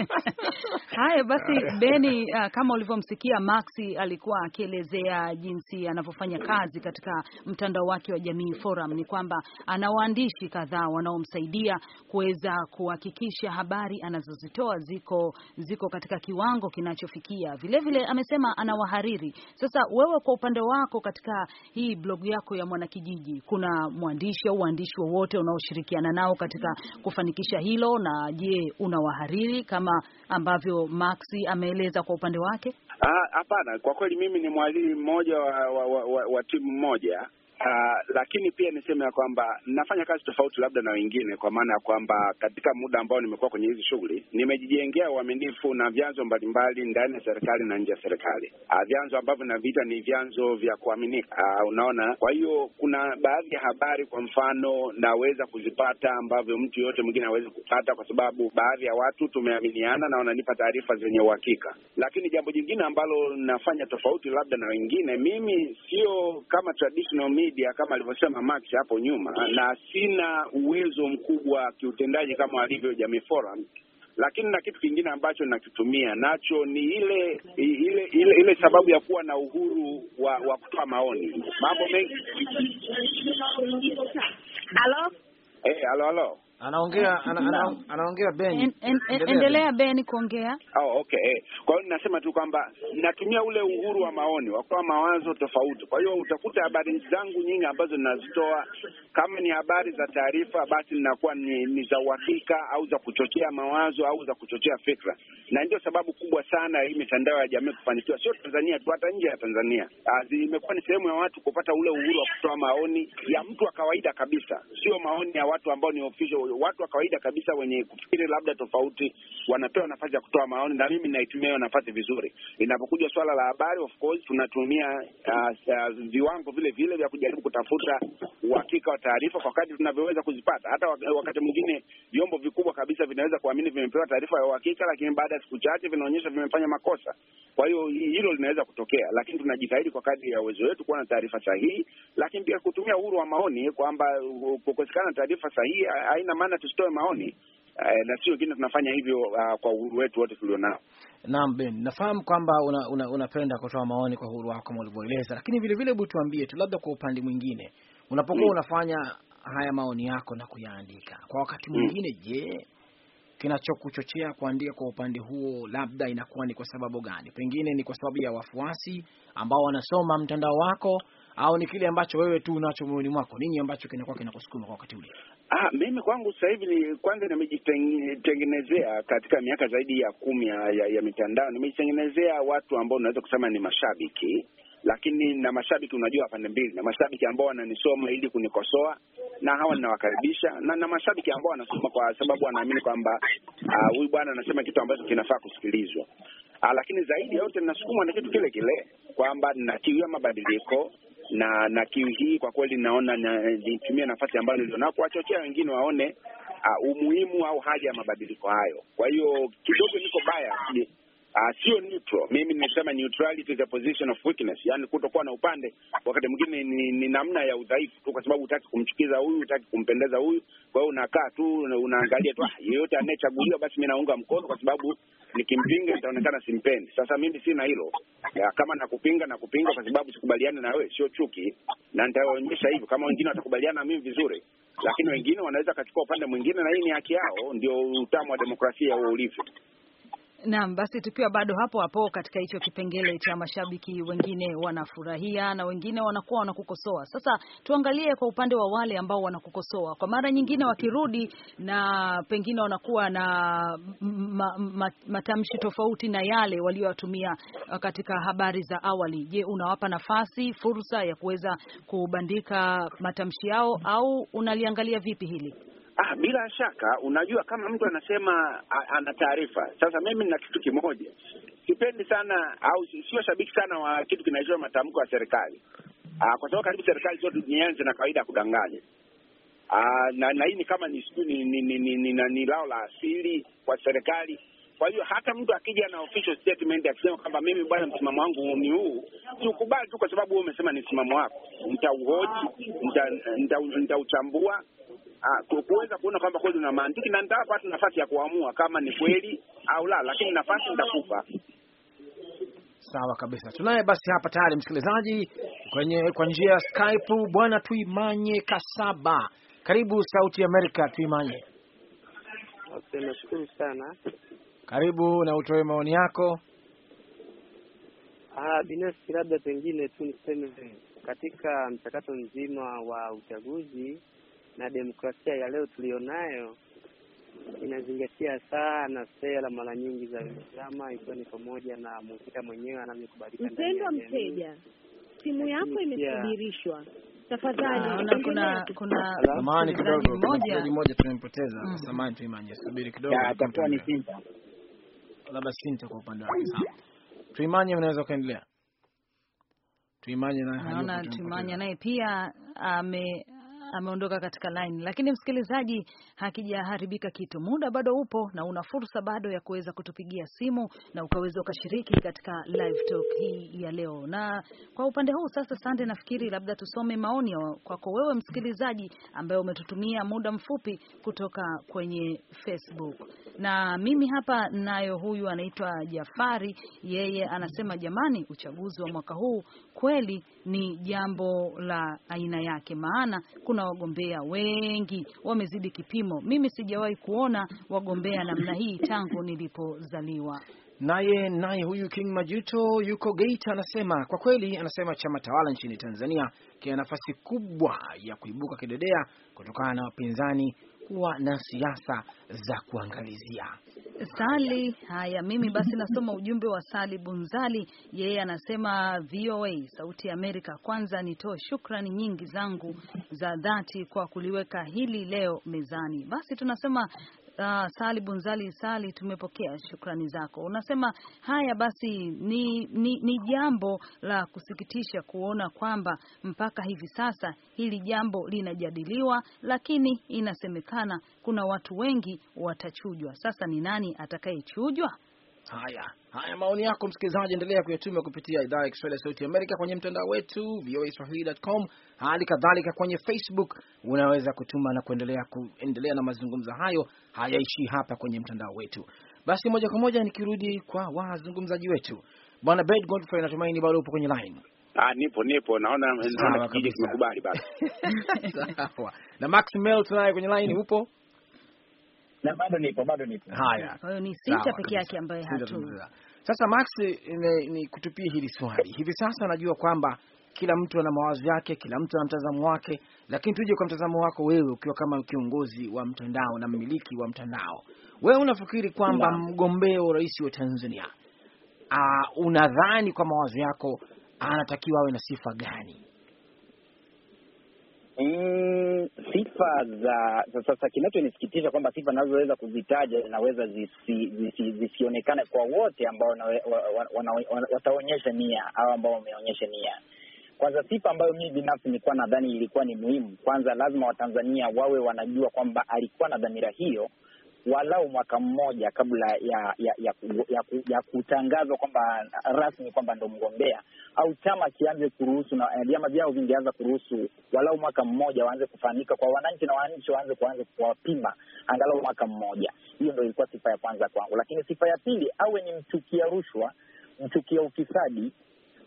Haya basi Ben, uh, kama ulivyomsikia Max alikuwa akielezea jinsi anavyofanya kazi katika mtandao wake wa Jamii Forum ni kwamba ana waandishi kadhaa wanaomsaidia kuweza kuhakikisha habari anazozi ametoa ziko ziko katika kiwango kinachofikia. Vilevile amesema ana wahariri Sasa wewe kwa upande wako, katika hii blogu yako ya Mwanakijiji, kuna mwandishi au waandishi wowote unaoshirikiana nao katika kufanikisha hilo, na je, unawahariri kama ambavyo Maxi ameeleza kwa upande wake? Ah, hapana, kwa kweli mimi ni mwalimu mmoja wa, wa, wa, wa, wa timu moja Uh, lakini pia niseme ya kwamba nafanya kazi tofauti labda na wengine, kwa maana ya kwamba katika muda ambao nimekuwa kwenye hizi shughuli nimejijengea uaminifu na vyanzo mbalimbali ndani ya serikali na nje ya serikali, uh, vyanzo ambavyo naviita ni vyanzo vya kuaminika. Uh, unaona, kwa hiyo kuna baadhi ya habari kwa mfano naweza kuzipata ambavyo mtu yoyote mwingine hawezi kupata, kwa sababu baadhi ya watu tumeaminiana na wananipa taarifa zenye uhakika. Lakini jambo jingine ambalo nafanya tofauti labda na wengine, mimi sio kama traditional media kama alivyosema Max hapo nyuma, na sina uwezo mkubwa wa kiutendaji kama alivyo Jamii Forum, lakini na kitu kingine ambacho nakitumia nacho ni ile ile ile, ile sababu ya kuwa na uhuru wa, wa kutoa maoni. Mambo mengi. Halo, eh, halo, halo anaongea eh, anaongea Ben, endelea Ben kuongea. Oh, okay. Eh. Kwa hiyo ninasema tu kwamba natumia ule uhuru wa maoni wa kutoa mawazo tofauti. Kwa hiyo utakuta habari zangu nyingi ambazo ninazitoa, kama ni habari za taarifa, basi ninakuwa ni, ni za uhakika au za kuchochea mawazo au za kuchochea fikra, na ndio sababu kubwa sana hii mitandao ya jamii kufanikiwa, sio Tanzania tu, hata nje ya Tanzania. Ah, imekuwa ni sehemu ya watu kupata ule uhuru wa kutoa maoni ya mtu wa kawaida kabisa, sio maoni ya watu ambao ni official watu wa kawaida kabisa wenye kufikiri labda tofauti wanapewa nafasi ya kutoa maoni, na mimi naitumia hiyo nafasi vizuri. Inapokuja swala la habari, of course tunatumia uh, uh, viwango vile vile vya kujaribu kutafuta uhakika wa taarifa kwa kadri tunavyoweza kuzipata. Hata wakati mwingine vyombo vikubwa kabisa vinaweza kuamini vimepewa taarifa ya uhakika, lakini baada ya siku chache vinaonyesha vimefanya makosa. Kwa hiyo hilo linaweza kutokea, lakini tunajitahidi kwa kadri ya uwezo wetu kuwa na taarifa sahihi, lakini pia kutumia uhuru wa maoni kwamba kukosekana taarifa sahihi haina maana tusitoe maoni uh, na sio wengine tunafanya hivyo uh, kwa uhuru wetu wote tulionao. Naam, Ben, nafahamu kwamba una, una, unapenda kutoa maoni kwa uhuru wako kama ulivyoeleza, lakini vile vile, hebu tuambie tu labda kwa upande mwingine unapokuwa mm. unafanya haya maoni yako na kuyaandika kwa wakati mm. mwingine mm. je, kinachokuchochea kuandika kwa upande huo labda inakuwa ni kwa sababu gani? Pengine ni kwa sababu ya wafuasi ambao wanasoma mtandao wako, au ni kile ambacho wewe tu unacho moyoni mwako, nini ambacho kinakuwa kinakusukuma kwa wakati ule? Ah, mimi kwangu sasa hivi ni kwanza nimejitengenezea katika miaka zaidi ya kumi ya, ya, ya mitandao nimejitengenezea watu ambao unaweza kusema ni mashabiki, lakini na mashabiki unajua pande mbili, na mashabiki ambao wananisoma ili kunikosoa na hawa ninawakaribisha, na na mashabiki ambao wanasoma kwa sababu wanaamini kwamba ah, huyu uh, bwana anasema kitu ambacho kinafaa kusikilizwa. Ah, lakini zaidi ya yote ninasukumwa na kitu kile kile kwamba ninakiwia mabadiliko na na kiu hii kwa kweli naona nitumie na, nafasi ambayo nilionao kuwachochea wengine waone uh, umuhimu au haja ya mabadiliko hayo. Kwa hiyo kidogo niko baya uh, sio neutral. Mimi nimesema neutrality is a position of weakness, yani kutokuwa na upande. Wakati mwingine ni, ni namna ya udhaifu tu, kwa sababu hutaki kumchukiza huyu, hutaki kumpendeza huyu. Kwa hiyo unakaa tu unaangalia tu, ah, yeyote anayechaguliwa basi mi naunga mkono, kwa sababu nikimpinga itaonekana simpendi. Sasa mimi sina hilo ya, kama nakupinga nakupinga kwa sababu sikubaliani na wewe, sio chuki, na nitaonyesha hivyo. Kama wengine watakubaliana na mimi vizuri, lakini wengine wanaweza wakachukua upande mwingine, na hii ni haki yao. Ndio utamu wa demokrasia huo ulivyo. Naam, basi tukiwa bado hapo hapo katika hicho kipengele cha mashabiki, wengine wanafurahia na wengine wanakuwa wanakukosoa. Sasa tuangalie kwa upande wa wale ambao wanakukosoa, kwa mara nyingine wakirudi na pengine wanakuwa na ma, ma, matamshi tofauti na yale walioyatumia katika habari za awali. Je, unawapa nafasi, fursa ya kuweza kubandika matamshi yao au unaliangalia vipi hili? Ah, bila shaka unajua, kama mtu anasema ana taarifa. Sasa mimi nina kitu kimoja, sipendi sana au sio shabiki sana wa kitu kinaitwa matamko ya serikali, ah, kwa sababu karibu serikali zote duniani zina kawaida ya kudanganya. ah, na, na hii ni kama ni ni, ni, ni, ni, ni, ni lao la asili kwa serikali. Kwa hiyo hata mtu akija na official statement akisema kwamba mimi bwana, msimamo wangu ni huu, siukubali tu kwa sababu wewe umesema ni msimamo wako, nitauhoji, nitauchambua, nita, nita Ah, kuweza kuona kwamba kweli una mantiki na nitawapata nafasi ya kuamua kama ni kweli au la, lakini nafasi nitakupa. Sawa kabisa. Tunaye basi hapa tayari msikilizaji kwenye kwa njia ya Skype, bwana Tuimanye Kasaba, karibu Sauti Amerika. Tuimanye, nashukuru sana. Karibu na utoe maoni yako. Ah, binafsi labda pengine tu niseme katika mchakato mzima wa uchaguzi na demokrasia ya leo tuliyonayo inazingatia sana sera mara nyingi za vyama, ikiwa ni pamoja na mhusika mwenyewe anavyokubalika. Mpendwa mteja, simu yako imesubirishwa. Tafadhali, ah, kuna kuna tumempoteza. Mm. Samani tu imani, subiri kidogo, atakuwa ni Sinta, labda Sinta kwa upande wake. Sawa, tuimanye, unaweza ukaendelea. Tuimanye naye naye pia ame ameondoka katika line, lakini msikilizaji, hakijaharibika kitu. Muda bado upo na una fursa bado ya kuweza kutupigia simu na ukaweza ukashiriki katika live talk hii ya leo. Na kwa upande huu sasa, Sande, nafikiri labda tusome maoni kwako wewe msikilizaji ambaye umetutumia muda mfupi kutoka kwenye Facebook. Na mimi hapa nayo, huyu anaitwa Jafari, yeye anasema jamani, uchaguzi wa mwaka huu kweli ni jambo la aina yake, maana kuna wagombea wengi wamezidi kipimo. Mimi sijawahi kuona wagombea namna hii tangu nilipozaliwa. Naye naye huyu King Majuto yuko Geita anasema kwa kweli, anasema chama tawala nchini Tanzania kina nafasi kubwa ya kuibuka kidedea kutokana na wapinzani kuwa na siasa za kuangalizia. Sali haya, mimi basi nasoma ujumbe wa Sali Bunzali, yeye anasema VOA Sauti ya Amerika, kwanza nitoe shukrani nyingi zangu za dhati kwa kuliweka hili leo mezani. Basi tunasema uh, ah, Sali Bunzali Sali, tumepokea shukrani zako. Unasema haya basi, ni, ni, ni jambo la kusikitisha kuona kwamba mpaka hivi sasa hili jambo linajadiliwa, lakini inasemekana kuna watu wengi watachujwa. Sasa ni nani atakayechujwa? Haya haya, maoni yako msikilizaji, endelea kuyatuma kupitia idhaa ya Kiswahili ya Sauti Amerika kwenye mtandao wetu voaswahili.com, hali kadhalika kwenye Facebook unaweza kutuma na kuendelea kuendelea na mazungumzo hayo, hayaishi hapa kwenye mtandao wetu. Basi moja kwa moja nikirudi kwa wazungumzaji wetu, Bwana Bed Godfrey, natumaini bado upo kwenye line. Ah, nipo nipo, naona naona kijiji kimekubali basi. Sawa na Max Mel tunaye kwenye line, upo? na bado nipo, bado nipo. Haya, kwa hiyo ni sita peke yake ambaye hatu. Sasa Max, ni, ni kutupia hili swali hivi sasa, najua kwamba kila mtu ana mawazo yake, kila mtu ana mtazamo wake, lakini tuje kwa mtazamo wako wewe, ukiwa kama kiongozi wa mtandao na mmiliki wa mtandao, wewe unafikiri kwamba mgombea wa urais wa Tanzania, uh, unadhani kwa mawazo yako anatakiwa awe na sifa gani? Mm, sifa za sasa, kinachonisikitisha kwamba sifa nazoweza kuzitaja zinaweza zisionekane kwa wote ambao wataonyesha nia au ambao wameonyesha nia. Kwanza, sifa ambayo mii binafsi nilikuwa nadhani ilikuwa ni muhimu, kwanza lazima Watanzania wawe wanajua kwamba alikuwa na dhamira hiyo walau mwaka mmoja kabla ya ya ya, ya, ya kutangazwa kwamba rasmi kwamba ndo mgombea, au chama kianze kuruhusu na eh, vyama vyao vingeanza kuruhusu walau mwaka mmoja, waanze kufahamika kwa wananchi na wananchi waanze kuanza kuwapima angalau mwaka mmoja. Hiyo ndo ilikuwa sifa ya kwanza kwangu, lakini sifa ya pili, awe ni mchukia rushwa, mchukia ufisadi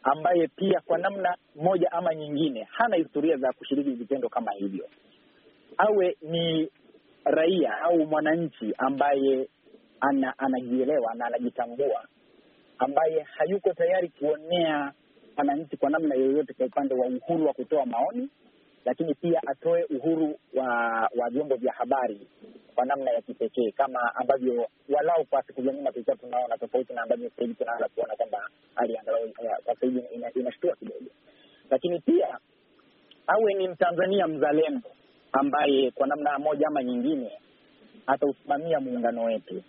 ambaye pia kwa namna moja ama nyingine hana historia za kushiriki vitendo kama hivyo. Awe ni raia au mwananchi ambaye ana, anajielewa na anajitambua, ambaye hayuko tayari kuonea wananchi kwa namna yoyote kwa upande wa uhuru wa kutoa maoni, lakini pia atoe uhuru wa wa vyombo vya habari kwa namna ya kipekee kama ambavyo walau kwa siku za nyuma tulikuwa tunaona, tofauti na ambavyo sasa hivi tunaanza kuona kwamba hali angalau kwa sasa hivi inashtua kidogo. Lakini pia awe ni Mtanzania mzalendo ambaye kwa namna moja ama nyingine atausimamia muungano wetu,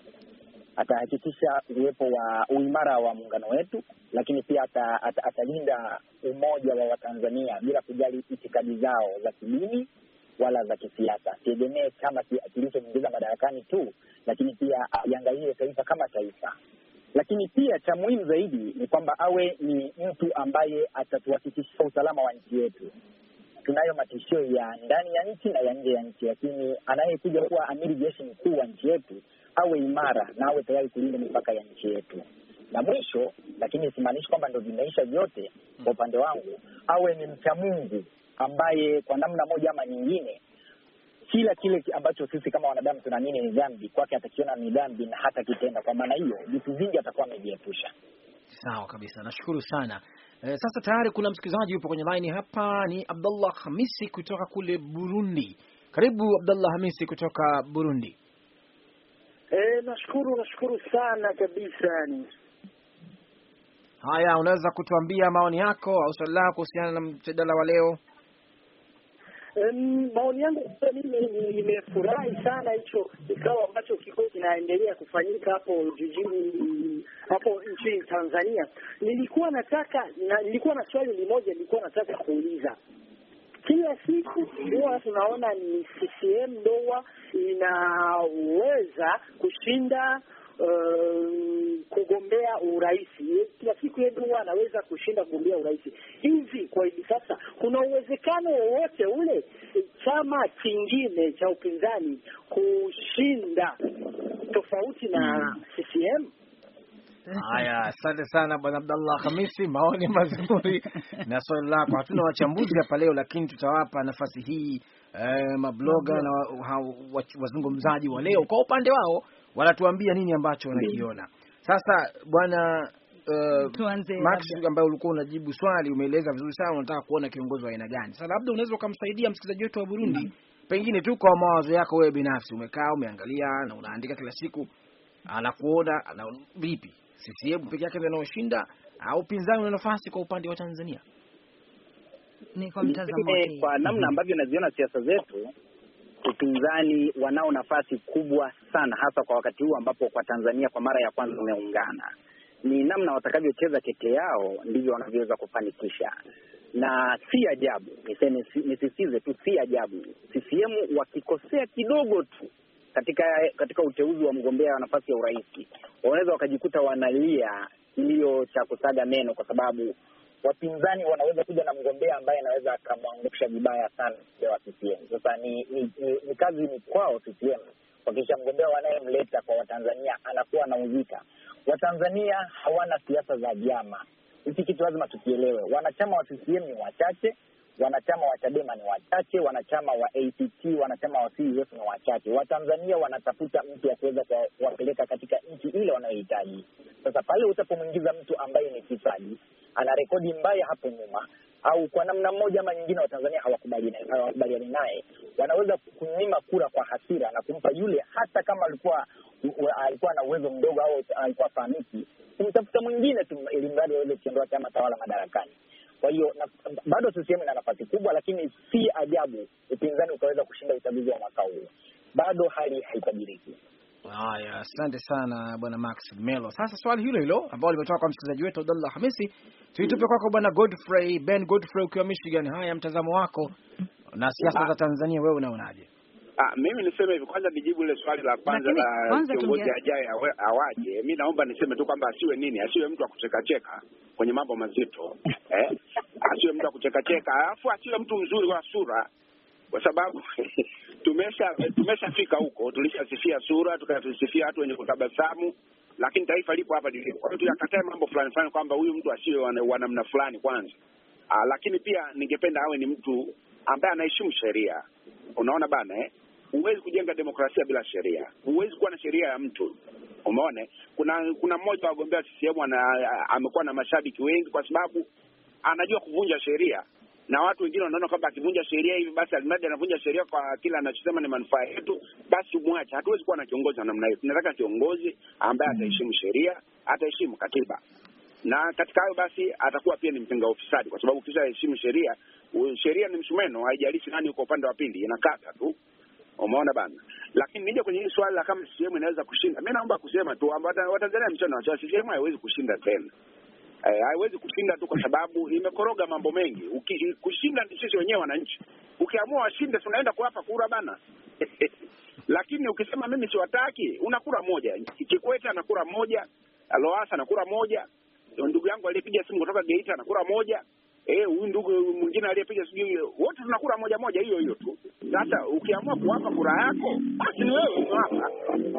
atahakikisha uwepo wa uimara wa muungano wetu, lakini pia ata, ata, atalinda umoja wa Watanzania bila kujali itikadi zao za kidini wala za kisiasa. Tegemee chama kilichomwingiza madarakani tu, lakini pia iangalie taifa kama taifa. Lakini pia cha muhimu zaidi ni kwamba awe ni mtu ambaye atatuhakikishia usalama wa nchi yetu tunayo matishio ya ndani ya nchi na ya nje ya nchi, lakini anayekuja kuwa amiri jeshi mkuu wa nchi yetu awe imara na awe tayari kulinda mipaka ya nchi yetu. Na mwisho, lakini simaanishi kwamba ndo vimeisha vyote, kwa upande wangu, awe ni mcha Mungu ambaye kwa namna moja ama nyingine kila kile ambacho sisi kama wanadamu tunaamini ni dhambi, kwake atakiona ni dhambi na hata kitenda. Kwa maana hiyo, vitu vingi atakuwa amejiepusha. Sawa kabisa, nashukuru sana. E, sasa tayari kuna msikilizaji yupo kwenye laini hapa, ni Abdallah Hamisi kutoka kule Burundi. Karibu Abdallah Hamisi kutoka Burundi. E, nashukuru nashukuru sana kabisa. Yani haya, unaweza kutuambia maoni yako au swali lako kuhusiana na mjadala wa leo? Maoni yangu kwa mimi, nimefurahi sana hicho kikao ambacho kiko kinaendelea kufanyika hapo jijini hapo nchini Tanzania. Nilikuwa nataka na, nilikuwa na swali limoja nilikuwa nataka kuuliza. Kila siku huwa tunaona ni CCM doa inaweza kushinda Uh, kugombea urais. Kila siku yeye anaweza kushinda kugombea urais. Hivi kwa hivi sasa kuna uwezekano wowote ule chama kingine cha upinzani kushinda tofauti na CCM? Haya, asante sana bwana Abdallah Hamisi, maoni mazuri na swali lako. Hatuna wachambuzi hapa leo, lakini tutawapa nafasi hii eh, mabloga na wazungumzaji wa leo kwa upande wao wanatuambia nini ambacho wanakiona. Sasa bwana uh, ambaye ulikuwa unajibu swali, umeeleza vizuri sana, unataka kuona kiongozi wa aina gani. Sasa labda unaweza ukamsaidia msikilizaji wetu wa Burundi mm -hmm. pengine tu kwa mawazo yako wewe binafsi, umekaa umeangalia na unaandika kila siku, anakuona na vipi? CCM peke yake ndio anaoshinda au pinzani una nafasi kwa upande wa Tanzania? Ni kwa mtazamo eh, kwa namna mm-hmm. ambavyo naziona siasa zetu upinzani wanao nafasi kubwa sana, hasa kwa wakati huu ambapo kwa Tanzania kwa mara ya kwanza umeungana. Ni namna watakavyocheza kete yao ndivyo wanavyoweza kufanikisha, na si ajabu, niseme nisisitize tu, si ajabu CCM wakikosea kidogo tu katika katika uteuzi wa mgombea wa nafasi ya urais wanaweza wakajikuta wanalia kilio cha kusaga meno, kwa sababu wapinzani wanaweza kuja na mgombea ambaye anaweza akamwangusha vibaya sana mgombea wa CCM. Sasa ni, ni, ni, ni kazi ni kwao CCM kuhakikisha mgombea wanayemleta kwa Watanzania anakuwa anauzika. Watanzania hawana siasa za vyama, hiki kitu lazima tukielewe. Wanachama wa CCM ni wachache wanachama wa Chadema ni wachache, wanachama wa ACT, wanachama wa CUF e ni wachache. Watanzania wanatafuta mtu wa kuweza kuwapeleka katika nchi ile wanayohitaji. Sasa pale utapomwingiza mtu ambaye ni fisadi, ana rekodi mbaya hapo nyuma, au kwa namna mmoja ama nyingine Watanzania hawakubaliani naye, wanaweza kunyima kura kwa hasira na kumpa yule, hata kama alikuwa alikuwa na uwezo mdogo au alikuwa fahamiki, kumtafuta mwingine tu, ili mradi waweze kukiondoa chama tawala madarakani. Kwa hiyo bado CCM ina nafasi kubwa, lakini si ajabu upinzani ukaweza kushinda uchaguzi wa mwaka huu. Bado hali haitabiriki. Haya, asante sana bwana Max Melo. Sasa swali hilo hilo ambalo limetoka kwa msikilizaji wetu Abdallah Hamisi, tuitupe kwako bwana Godfrey Ben Godfrey, ukiwa Michigan. Haya, mtazamo wako na siasa za ah. Tanzania, wewe unaonaje? Ah, mimi niseme hivi kwanza, nijibu ile swali la kwanza la kiongozi ajaye awaje. Mi naomba niseme tu kwamba asiwe nini, asiwe mtu wa kuchekacheka kwenye mambo mazito eh? asiwe mtu wa kuchekacheka, alafu asiwe mtu mzuri wa sura, kwa sababu tumesha tumeshafika huko, tulishasifia sura, tukasifia watu wenye kutabasamu, lakini taifa lipo hapa lilipo. Kwa hiyo tuyakatae mambo fulani fulani kwamba huyu mtu asiwe wa namna fulani kwanza. Ah, lakini pia ningependa awe ni mtu ambaye anaheshimu sheria, unaona bana eh? Huwezi kujenga demokrasia bila sheria, huwezi kuwa na sheria ya mtu. Umeone, kuna kuna mmoja wa wagombea CCM amekuwa na mashabiki wengi kwa sababu anajua kuvunja sheria, na watu wengine wanaona kwamba akivunja sheria hivi basi, alimradi anavunja sheria kwa kila anachosema ni manufaa yetu, basi mwache. Hatuwezi kuwa na kiongozi wa namna hiyo. Tunataka kiongozi ambaye ataheshimu sheria, ataheshimu katiba, na katika hayo basi atakuwa pia ni mpinga ufisadi, kwa sababu ukishaheshimu sheria, sheria ni msumeno, haijalishi nani uko upande wa pili, inakata tu. Umeona bana, lakini nije kwenye hili swala la kama CCM inaweza kushinda, mi naomba kusema tu Watanzania mchana wacha, CCM haiwezi kushinda tena, eh, haiwezi kushinda tu kwa sababu imekoroga mambo mengi. Uki, kushinda ni sisi wenyewe wananchi, ukiamua washinde tunaenda kuwapa kura bana lakini ukisema mimi siwataki, una kura moja. Kikwete ana kura moja, Lowassa ana kura moja, ndugu yangu aliyepiga simu kutoka Geita ana kura moja eh, huyu ndugu mwingine aliyepiga sijui, wote tunakula moja moja hiyo hiyo tu. Sasa ukiamua kuwapa kura yako, basi ni wewe unawapa,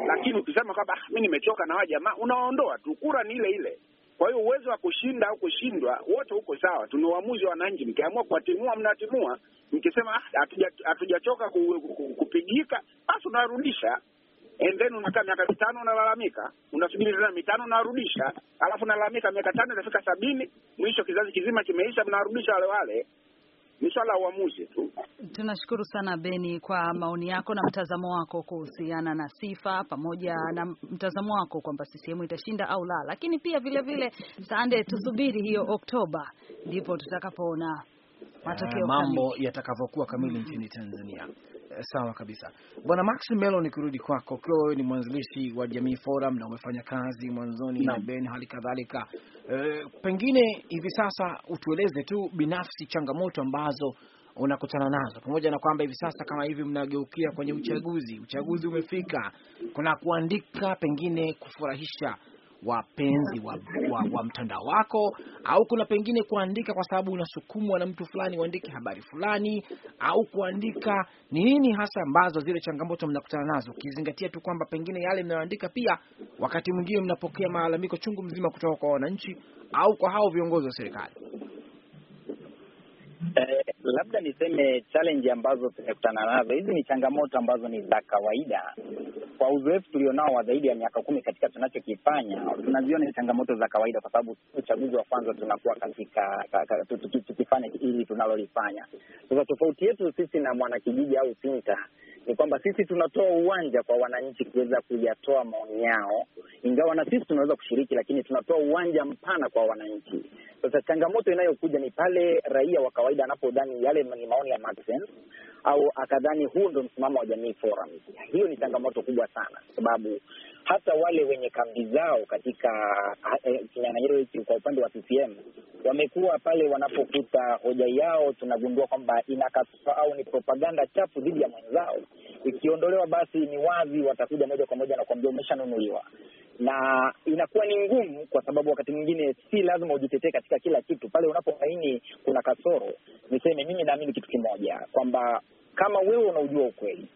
lakini ukisema kwamba ah, mi nimechoka na wajamaa, unaondoa tu, kura ni ile ile. Kwa hiyo uwezo wa kushinda au kushindwa wote huko sawa, tuna uamuzi wa wananchi. Mkiamua kuwatimua mnatimua, mkisema ah, hatujachoka kupigika, basi unarudisha and then unakaa miaka mitano unalalamika, unasubiri tena mitano unarudisha, alafu unalalamika miaka tano inafika sabini, mwisho kizazi kizima kimeisha, mnarudisha wale wale. Ni swala uamuzi tu. Tunashukuru sana Beni kwa maoni yako na mtazamo wako kuhusiana na sifa, pamoja na mtazamo wako kwamba CCM itashinda au la, lakini pia vile vile sande, tusubiri hiyo Oktoba ndipo tutakapoona matokeo, eh, mambo yatakavyokuwa kamili nchini Tanzania. Eh, sawa kabisa, Bwana Max Melo, ni kurudi kwako ukiwa wewe ni mwanzilishi wa Jamii Forum na umefanya kazi mwanzoni na Ben hali kadhalika. E, pengine hivi sasa utueleze tu binafsi changamoto ambazo unakutana nazo, pamoja na kwamba hivi sasa kama hivi mnageukia kwenye uchaguzi, uchaguzi umefika, kuna kuandika pengine kufurahisha wapenzi wa, wa, wa mtandao wako, au kuna pengine kuandika kwa sababu unasukumwa na mtu fulani uandike habari fulani, au kuandika ni nini hasa ambazo zile changamoto mnakutana nazo, ukizingatia tu kwamba pengine yale mnayoandika pia wakati mwingine mnapokea malalamiko chungu mzima kutoka kwa wananchi au kwa hao viongozi wa serikali? Eh, labda niseme challenge ambazo tumekutana nazo, hizi ni changamoto ambazo ni za kawaida kwa uzoefu tulionao wa zaidi ya miaka kumi katika tunachokifanya, tunaziona changamoto za kawaida, kwa sababu uchaguzi wa kwanza tunakuwa katika tukifanya hili tunalolifanya sasa. Tofauti yetu sisi na mwanakijiji au sinta ni kwamba sisi tunatoa uwanja kwa wananchi kuweza kuyatoa maoni yao, ingawa na sisi tunaweza kushiriki, lakini tunatoa uwanja mpana kwa wananchi. Sasa changamoto inayokuja ni pale raia wa kawaida anapodhani yale ni maoni ya Maxen, au akadhani huu ndo msimamo wa Jamii Forums. Hiyo ni changamoto kubwa sana, kwa sababu hata wale wenye kambi zao katika kinyang'anyiro eh, eh, hiki kwa upande wa CCM wamekuwa pale, wanapokuta hoja yao tunagundua kwamba kasoro au ni propaganda chafu dhidi ya mwenzao, ikiondolewa basi ni wazi watakuja moja kwa moja na kuambia umeshanunuliwa, na inakuwa ni ngumu, kwa sababu wakati mwingine si lazima ujitetee katika kila kitu. Pale unapobaini kuna kasoro, niseme mimi naamini kitu kimoja kwamba kama wewe unaujua ukweli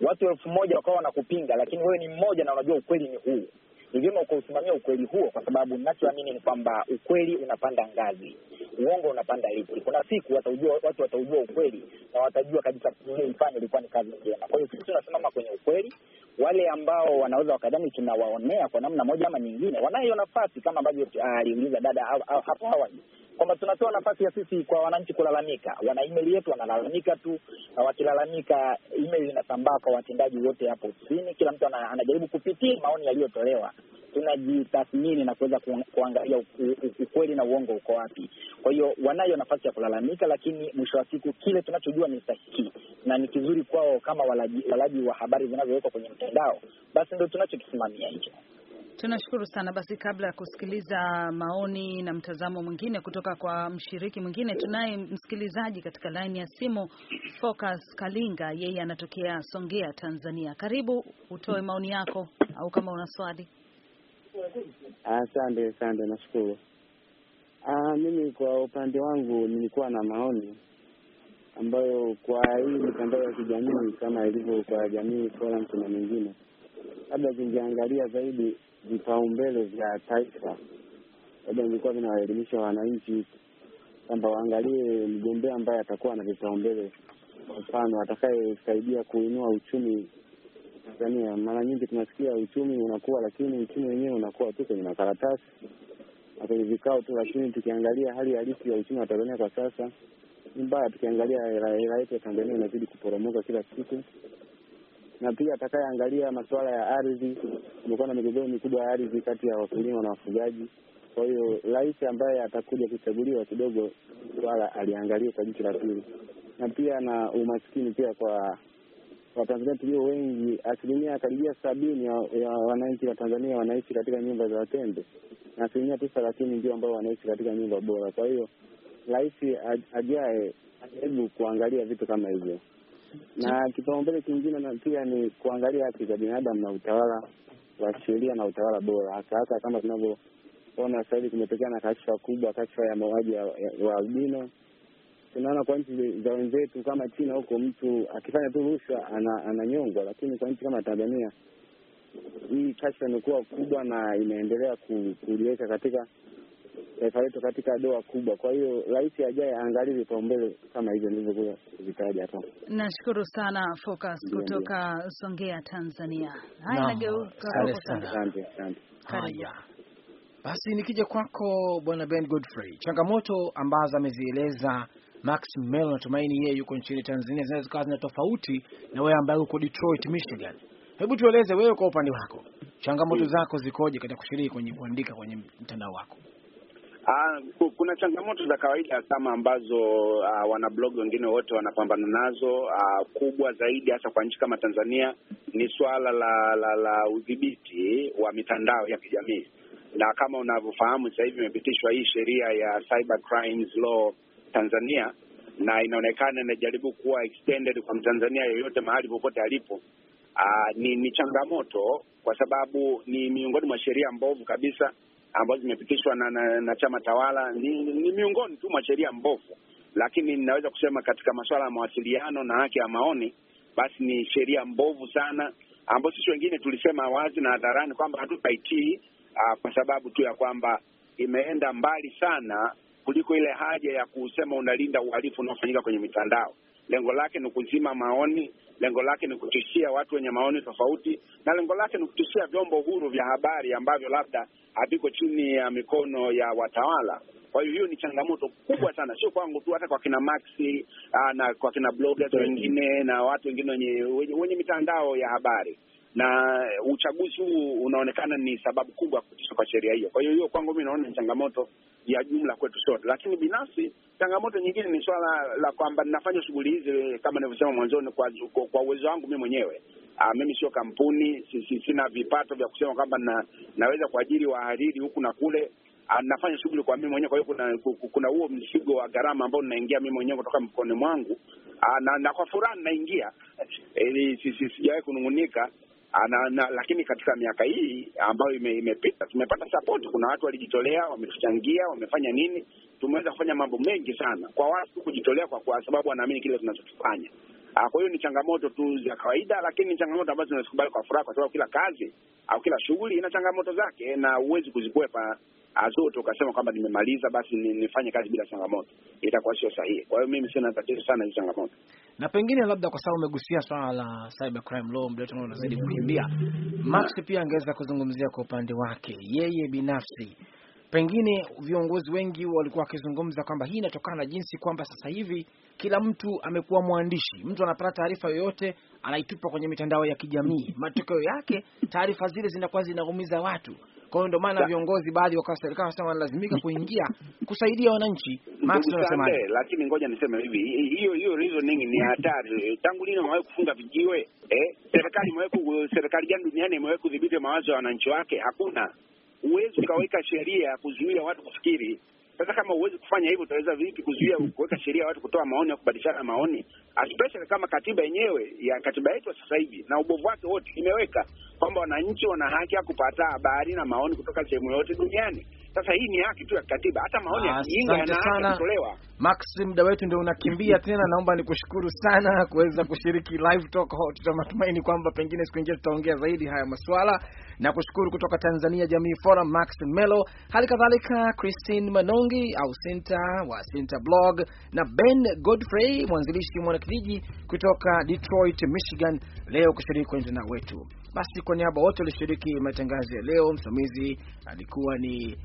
watu elfu moja wakawa wanakupinga, lakini wewe ni mmoja na unajua ukweli ni huu. Ni vyema ukausimamia ukweli huo, kwa sababu ninachoamini ni kwamba ukweli unapanda ngazi, uongo unapanda lifti. Kuna siku wataujua, watu wataujua ukweli na watajua kabisa iliyofanya ilikuwa ni kazi njema. Kwa hiyo sisi tunasimama kwenye ukweli. Wale ambao wanaweza wakadhani tunawaonea kwa namna moja ama nyingine, wanayo nafasi kama ambavyo ah, aliuliza dada hapo awali kwamba tunatoa nafasi ya sisi kwa wananchi kulalamika. Wana email yetu, wanalalamika tu, na wakilalamika email inasambaa kwa watendaji wote hapo ofisini. Kila mtu anajaribu kupitia maoni yaliyotolewa, tunajitathmini na kuweza kuangalia ukweli na uongo uko wapi. Kwa hiyo wanayo nafasi ya kulalamika, lakini mwisho wa siku kile tunachojua ni sahihi na ni kizuri kwao kama walaji, walaji wa habari zinazowekwa kwenye mtandao, basi ndo tunachokisimamia hicho. Tunashukuru sana. Basi kabla ya kusikiliza maoni na mtazamo mwingine kutoka kwa mshiriki mwingine, tunaye msikilizaji katika laini ya simu, Focus Kalinga, yeye anatokea Songea, Tanzania. Karibu utoe maoni yako au kama una swali. Asante, asante, nashukuru. Ah, mimi kwa upande wangu nilikuwa na maoni ambayo kwa hii mitandao ya kijamii kama ilivyo kwa Jamii Forums na mingine, labda kingeangalia zaidi vipaumbele vya taifa labda vilikuwa vinawaelimisha wananchi kwamba waangalie mgombea ambaye atakuwa na vipaumbele, kwa mfano atakayesaidia kuinua uchumi Tanzania. Mara nyingi tunasikia uchumi unakuwa, lakini uchumi wenyewe unakuwa tu kwenye makaratasi na kwenye vikao tu, lakini tukiangalia hali halisi ya uchumi wa Tanzania kwa sasa ni mbaya. Tukiangalia hela yetu ya Tanzania inazidi kuporomoka kila siku na pia atakayeangalia masuala ya ardhi. Kumekuwa na migogoro mikubwa ya ardhi kati ya wakulima na wafugaji. Kwa hiyo rais ambaye atakuja kuchaguliwa, kidogo swala aliangalia kwa jicho la pili, na pia na umaskini pia kwa Watanzania tulio wengi, asilimia karibia sabini ya wananchi wa Tanzania wanaishi katika nyumba za watembe na asilimia tu thelathini ndio ambao wanaishi katika nyumba bora. Kwa hiyo rais ajae, ajaribu kuangalia vitu kama hivyo na kipaumbele kingine na pia ni kuangalia haki za binadamu na utawala wa sheria na utawala bora, hasa hasa kama tunavyoona sasa hivi kumetokea na kashfa kubwa, kashfa ya mauaji wa albino. Tunaona kwa nchi za wenzetu kama China huko mtu akifanya tu rushwa ananyongwa, lakini kwa nchi kama Tanzania hii kashfa imekuwa kubwa na inaendelea kuliweka katika taifa letu katika doa kubwa. Kwa hiyo rais ajaye aangalie vipaumbele kama hivyo nilivyokuwa vitaja hapa. Nashukuru sana Focus kutoka Songea, Tanzania. Haya, nageuka asante. Haya basi, nikija kwako Bwana Ben Godfrey, changamoto ambazo amezieleza Max Mel, natumaini yeye yuko nchini Tanzania, zinaweza zikawa zina tofauti na wewe ambaye uko Detroit, Michigan. Hebu tueleze wewe kwa upande wako changamoto zako zikoje katika kushiriki kwenye kuandika kwenye mtandao wako? Uh, kuna changamoto za kawaida kama ambazo uh, ah, wanablog wengine wote wanapambana nazo. Uh, kubwa zaidi hasa kwa nchi kama Tanzania ni swala la, la, la udhibiti wa mitandao ya kijamii, na kama unavyofahamu sasa hivi imepitishwa hii sheria ya Cyber Crimes Law Tanzania, na inaonekana inajaribu kuwa extended kwa Mtanzania yoyote mahali popote alipo. Uh, ni, ni changamoto kwa sababu ni miongoni mwa sheria mbovu kabisa ambazo zimepitishwa na, na, na chama tawala ni, ni miongoni tu mwa sheria mbovu, lakini ninaweza kusema katika masuala ya mawasiliano na haki ya maoni, basi ni sheria mbovu sana ambayo sisi wengine tulisema wazi na hadharani kwamba hatutaitii ah, kwa sababu tu ya kwamba imeenda mbali sana kuliko ile haja ya kusema unalinda uhalifu unaofanyika kwenye mitandao. Lengo lake ni kuzima maoni, lengo lake ni kutishia watu wenye maoni tofauti, na lengo lake ni kutishia vyombo huru vya habari ambavyo labda haviko chini ya mikono ya watawala. Kwa hiyo hiyo ni changamoto kubwa sana, sio kwangu tu, hata kwa kina Maxi ah, na kwa kina bloggers wengine na watu wengine wenye, wenye, wenye mitandao ya habari na uchaguzi huu unaonekana ni sababu kubwa ya kupitishwa kwa sheria hiyo. Kwa hiyo hiyo kwangu mi naona ni changamoto ya jumla kwetu sote, lakini binafsi changamoto nyingine ni swala la kwamba ninafanya shughuli hizi kama nilivyosema mwanzoni, kwa, kwa, kwa uwezo wangu mi mwenyewe. Aa, ah, mimi sio kampuni, sina vipato vya kusema kwamba na, naweza kuajiri wahariri huku na kule. Ah, nafanya shughuli kwa mimi mwenyewe, kwa hiyo kuna kuna huo mzigo wa gharama ambao ninaingia mimi mwenyewe kutoka mkononi mwangu ah, na, na kwa furaha ninaingia, eh, sijawahi kunung'unika ana, ah, na, lakini katika miaka hii ambayo imepita ime tumepata sapoti. Kuna watu walijitolea, wametuchangia, wamefanya nini, tumeweza kufanya mambo mengi sana kwa watu kujitolea, kwa, kwa sababu wanaamini kile tunachokifanya. Ah, kwa hiyo ni changamoto tu za kawaida, lakini ni changamoto ambazo tunazikubali kwa furaha, kwa sababu kila kazi au kila shughuli ina changamoto zake na huwezi kuzikwepa azote ukasema kwamba nimemaliza basi nifanye kazi bila changamoto, itakuwa sio sahihi. Kwa hiyo mimi sina tatizo sana hizo changamoto, na pengine labda kwa sababu umegusia swala la cyber crime law, mda unazidi kukimbia. Max pia angeweza kuzungumzia kwa upande wake yeye binafsi pengine viongozi wengi walikuwa wakizungumza kwamba hii inatokana na jinsi kwamba sasa hivi kila mtu amekuwa mwandishi. Mtu anapata taarifa yoyote anaitupa kwenye mitandao ya kijamii, matokeo yake taarifa zile zinakuwa zinaumiza watu. Kwa hiyo ndio maana viongozi baadhi wa serikali wanasema wanalazimika kuingia kusaidia wananchi. Max Lakini ngoja niseme hivi, hiyo hiyo reasoning ni hatari. Tangu lini wamewahi kufunga vijiwe? Eh, serikali imeweka serikali gani duniani imeweka kudhibiti mawazo ya wananchi wake? Hakuna. Huwezi ukaweka sheria ya kuzuia watu kufikiri sasa kama huwezi kufanya hivyo, utaweza vipi kuzuia kuweka sheria watu kutoa maoni au kubadilishana maoni, especially kama katiba yenyewe ya katiba yetu sasa hivi na ubovu wake wote imeweka kwamba wananchi wana haki ya kupata habari na maoni kutoka sehemu yote duniani. Sasa hii ni haki tu ya kikatiba, hata maoni ya kijinga yanatolewa. Max, muda wetu ndio unakimbia tena. Naomba nikushukuru sana kuweza kushiriki live talk hot. Tuna matumaini kwamba pengine siku nyingine tutaongea zaidi haya maswala, na kushukuru kutoka Tanzania Jamii Forum Max Melo, hali kadhalika Christine Manongi au Sinta wa Sinta blog na Ben Godfrey mwanzilishi mwanakijiji kutoka Detroit, Michigan, leo kushiriki kwenye mtandao wetu. Basi kwa niaba wote walishiriki matangazo ya leo, msimamizi alikuwa ni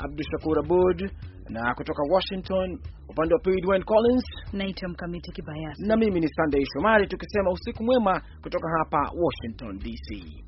Abdu Shakur Abud, na kutoka Washington upande wa pili Dwayne Collins, naitwa Mkamiti Kibayasi na mimi ni Sunday Shomari, tukisema usiku mwema kutoka hapa Washington DC.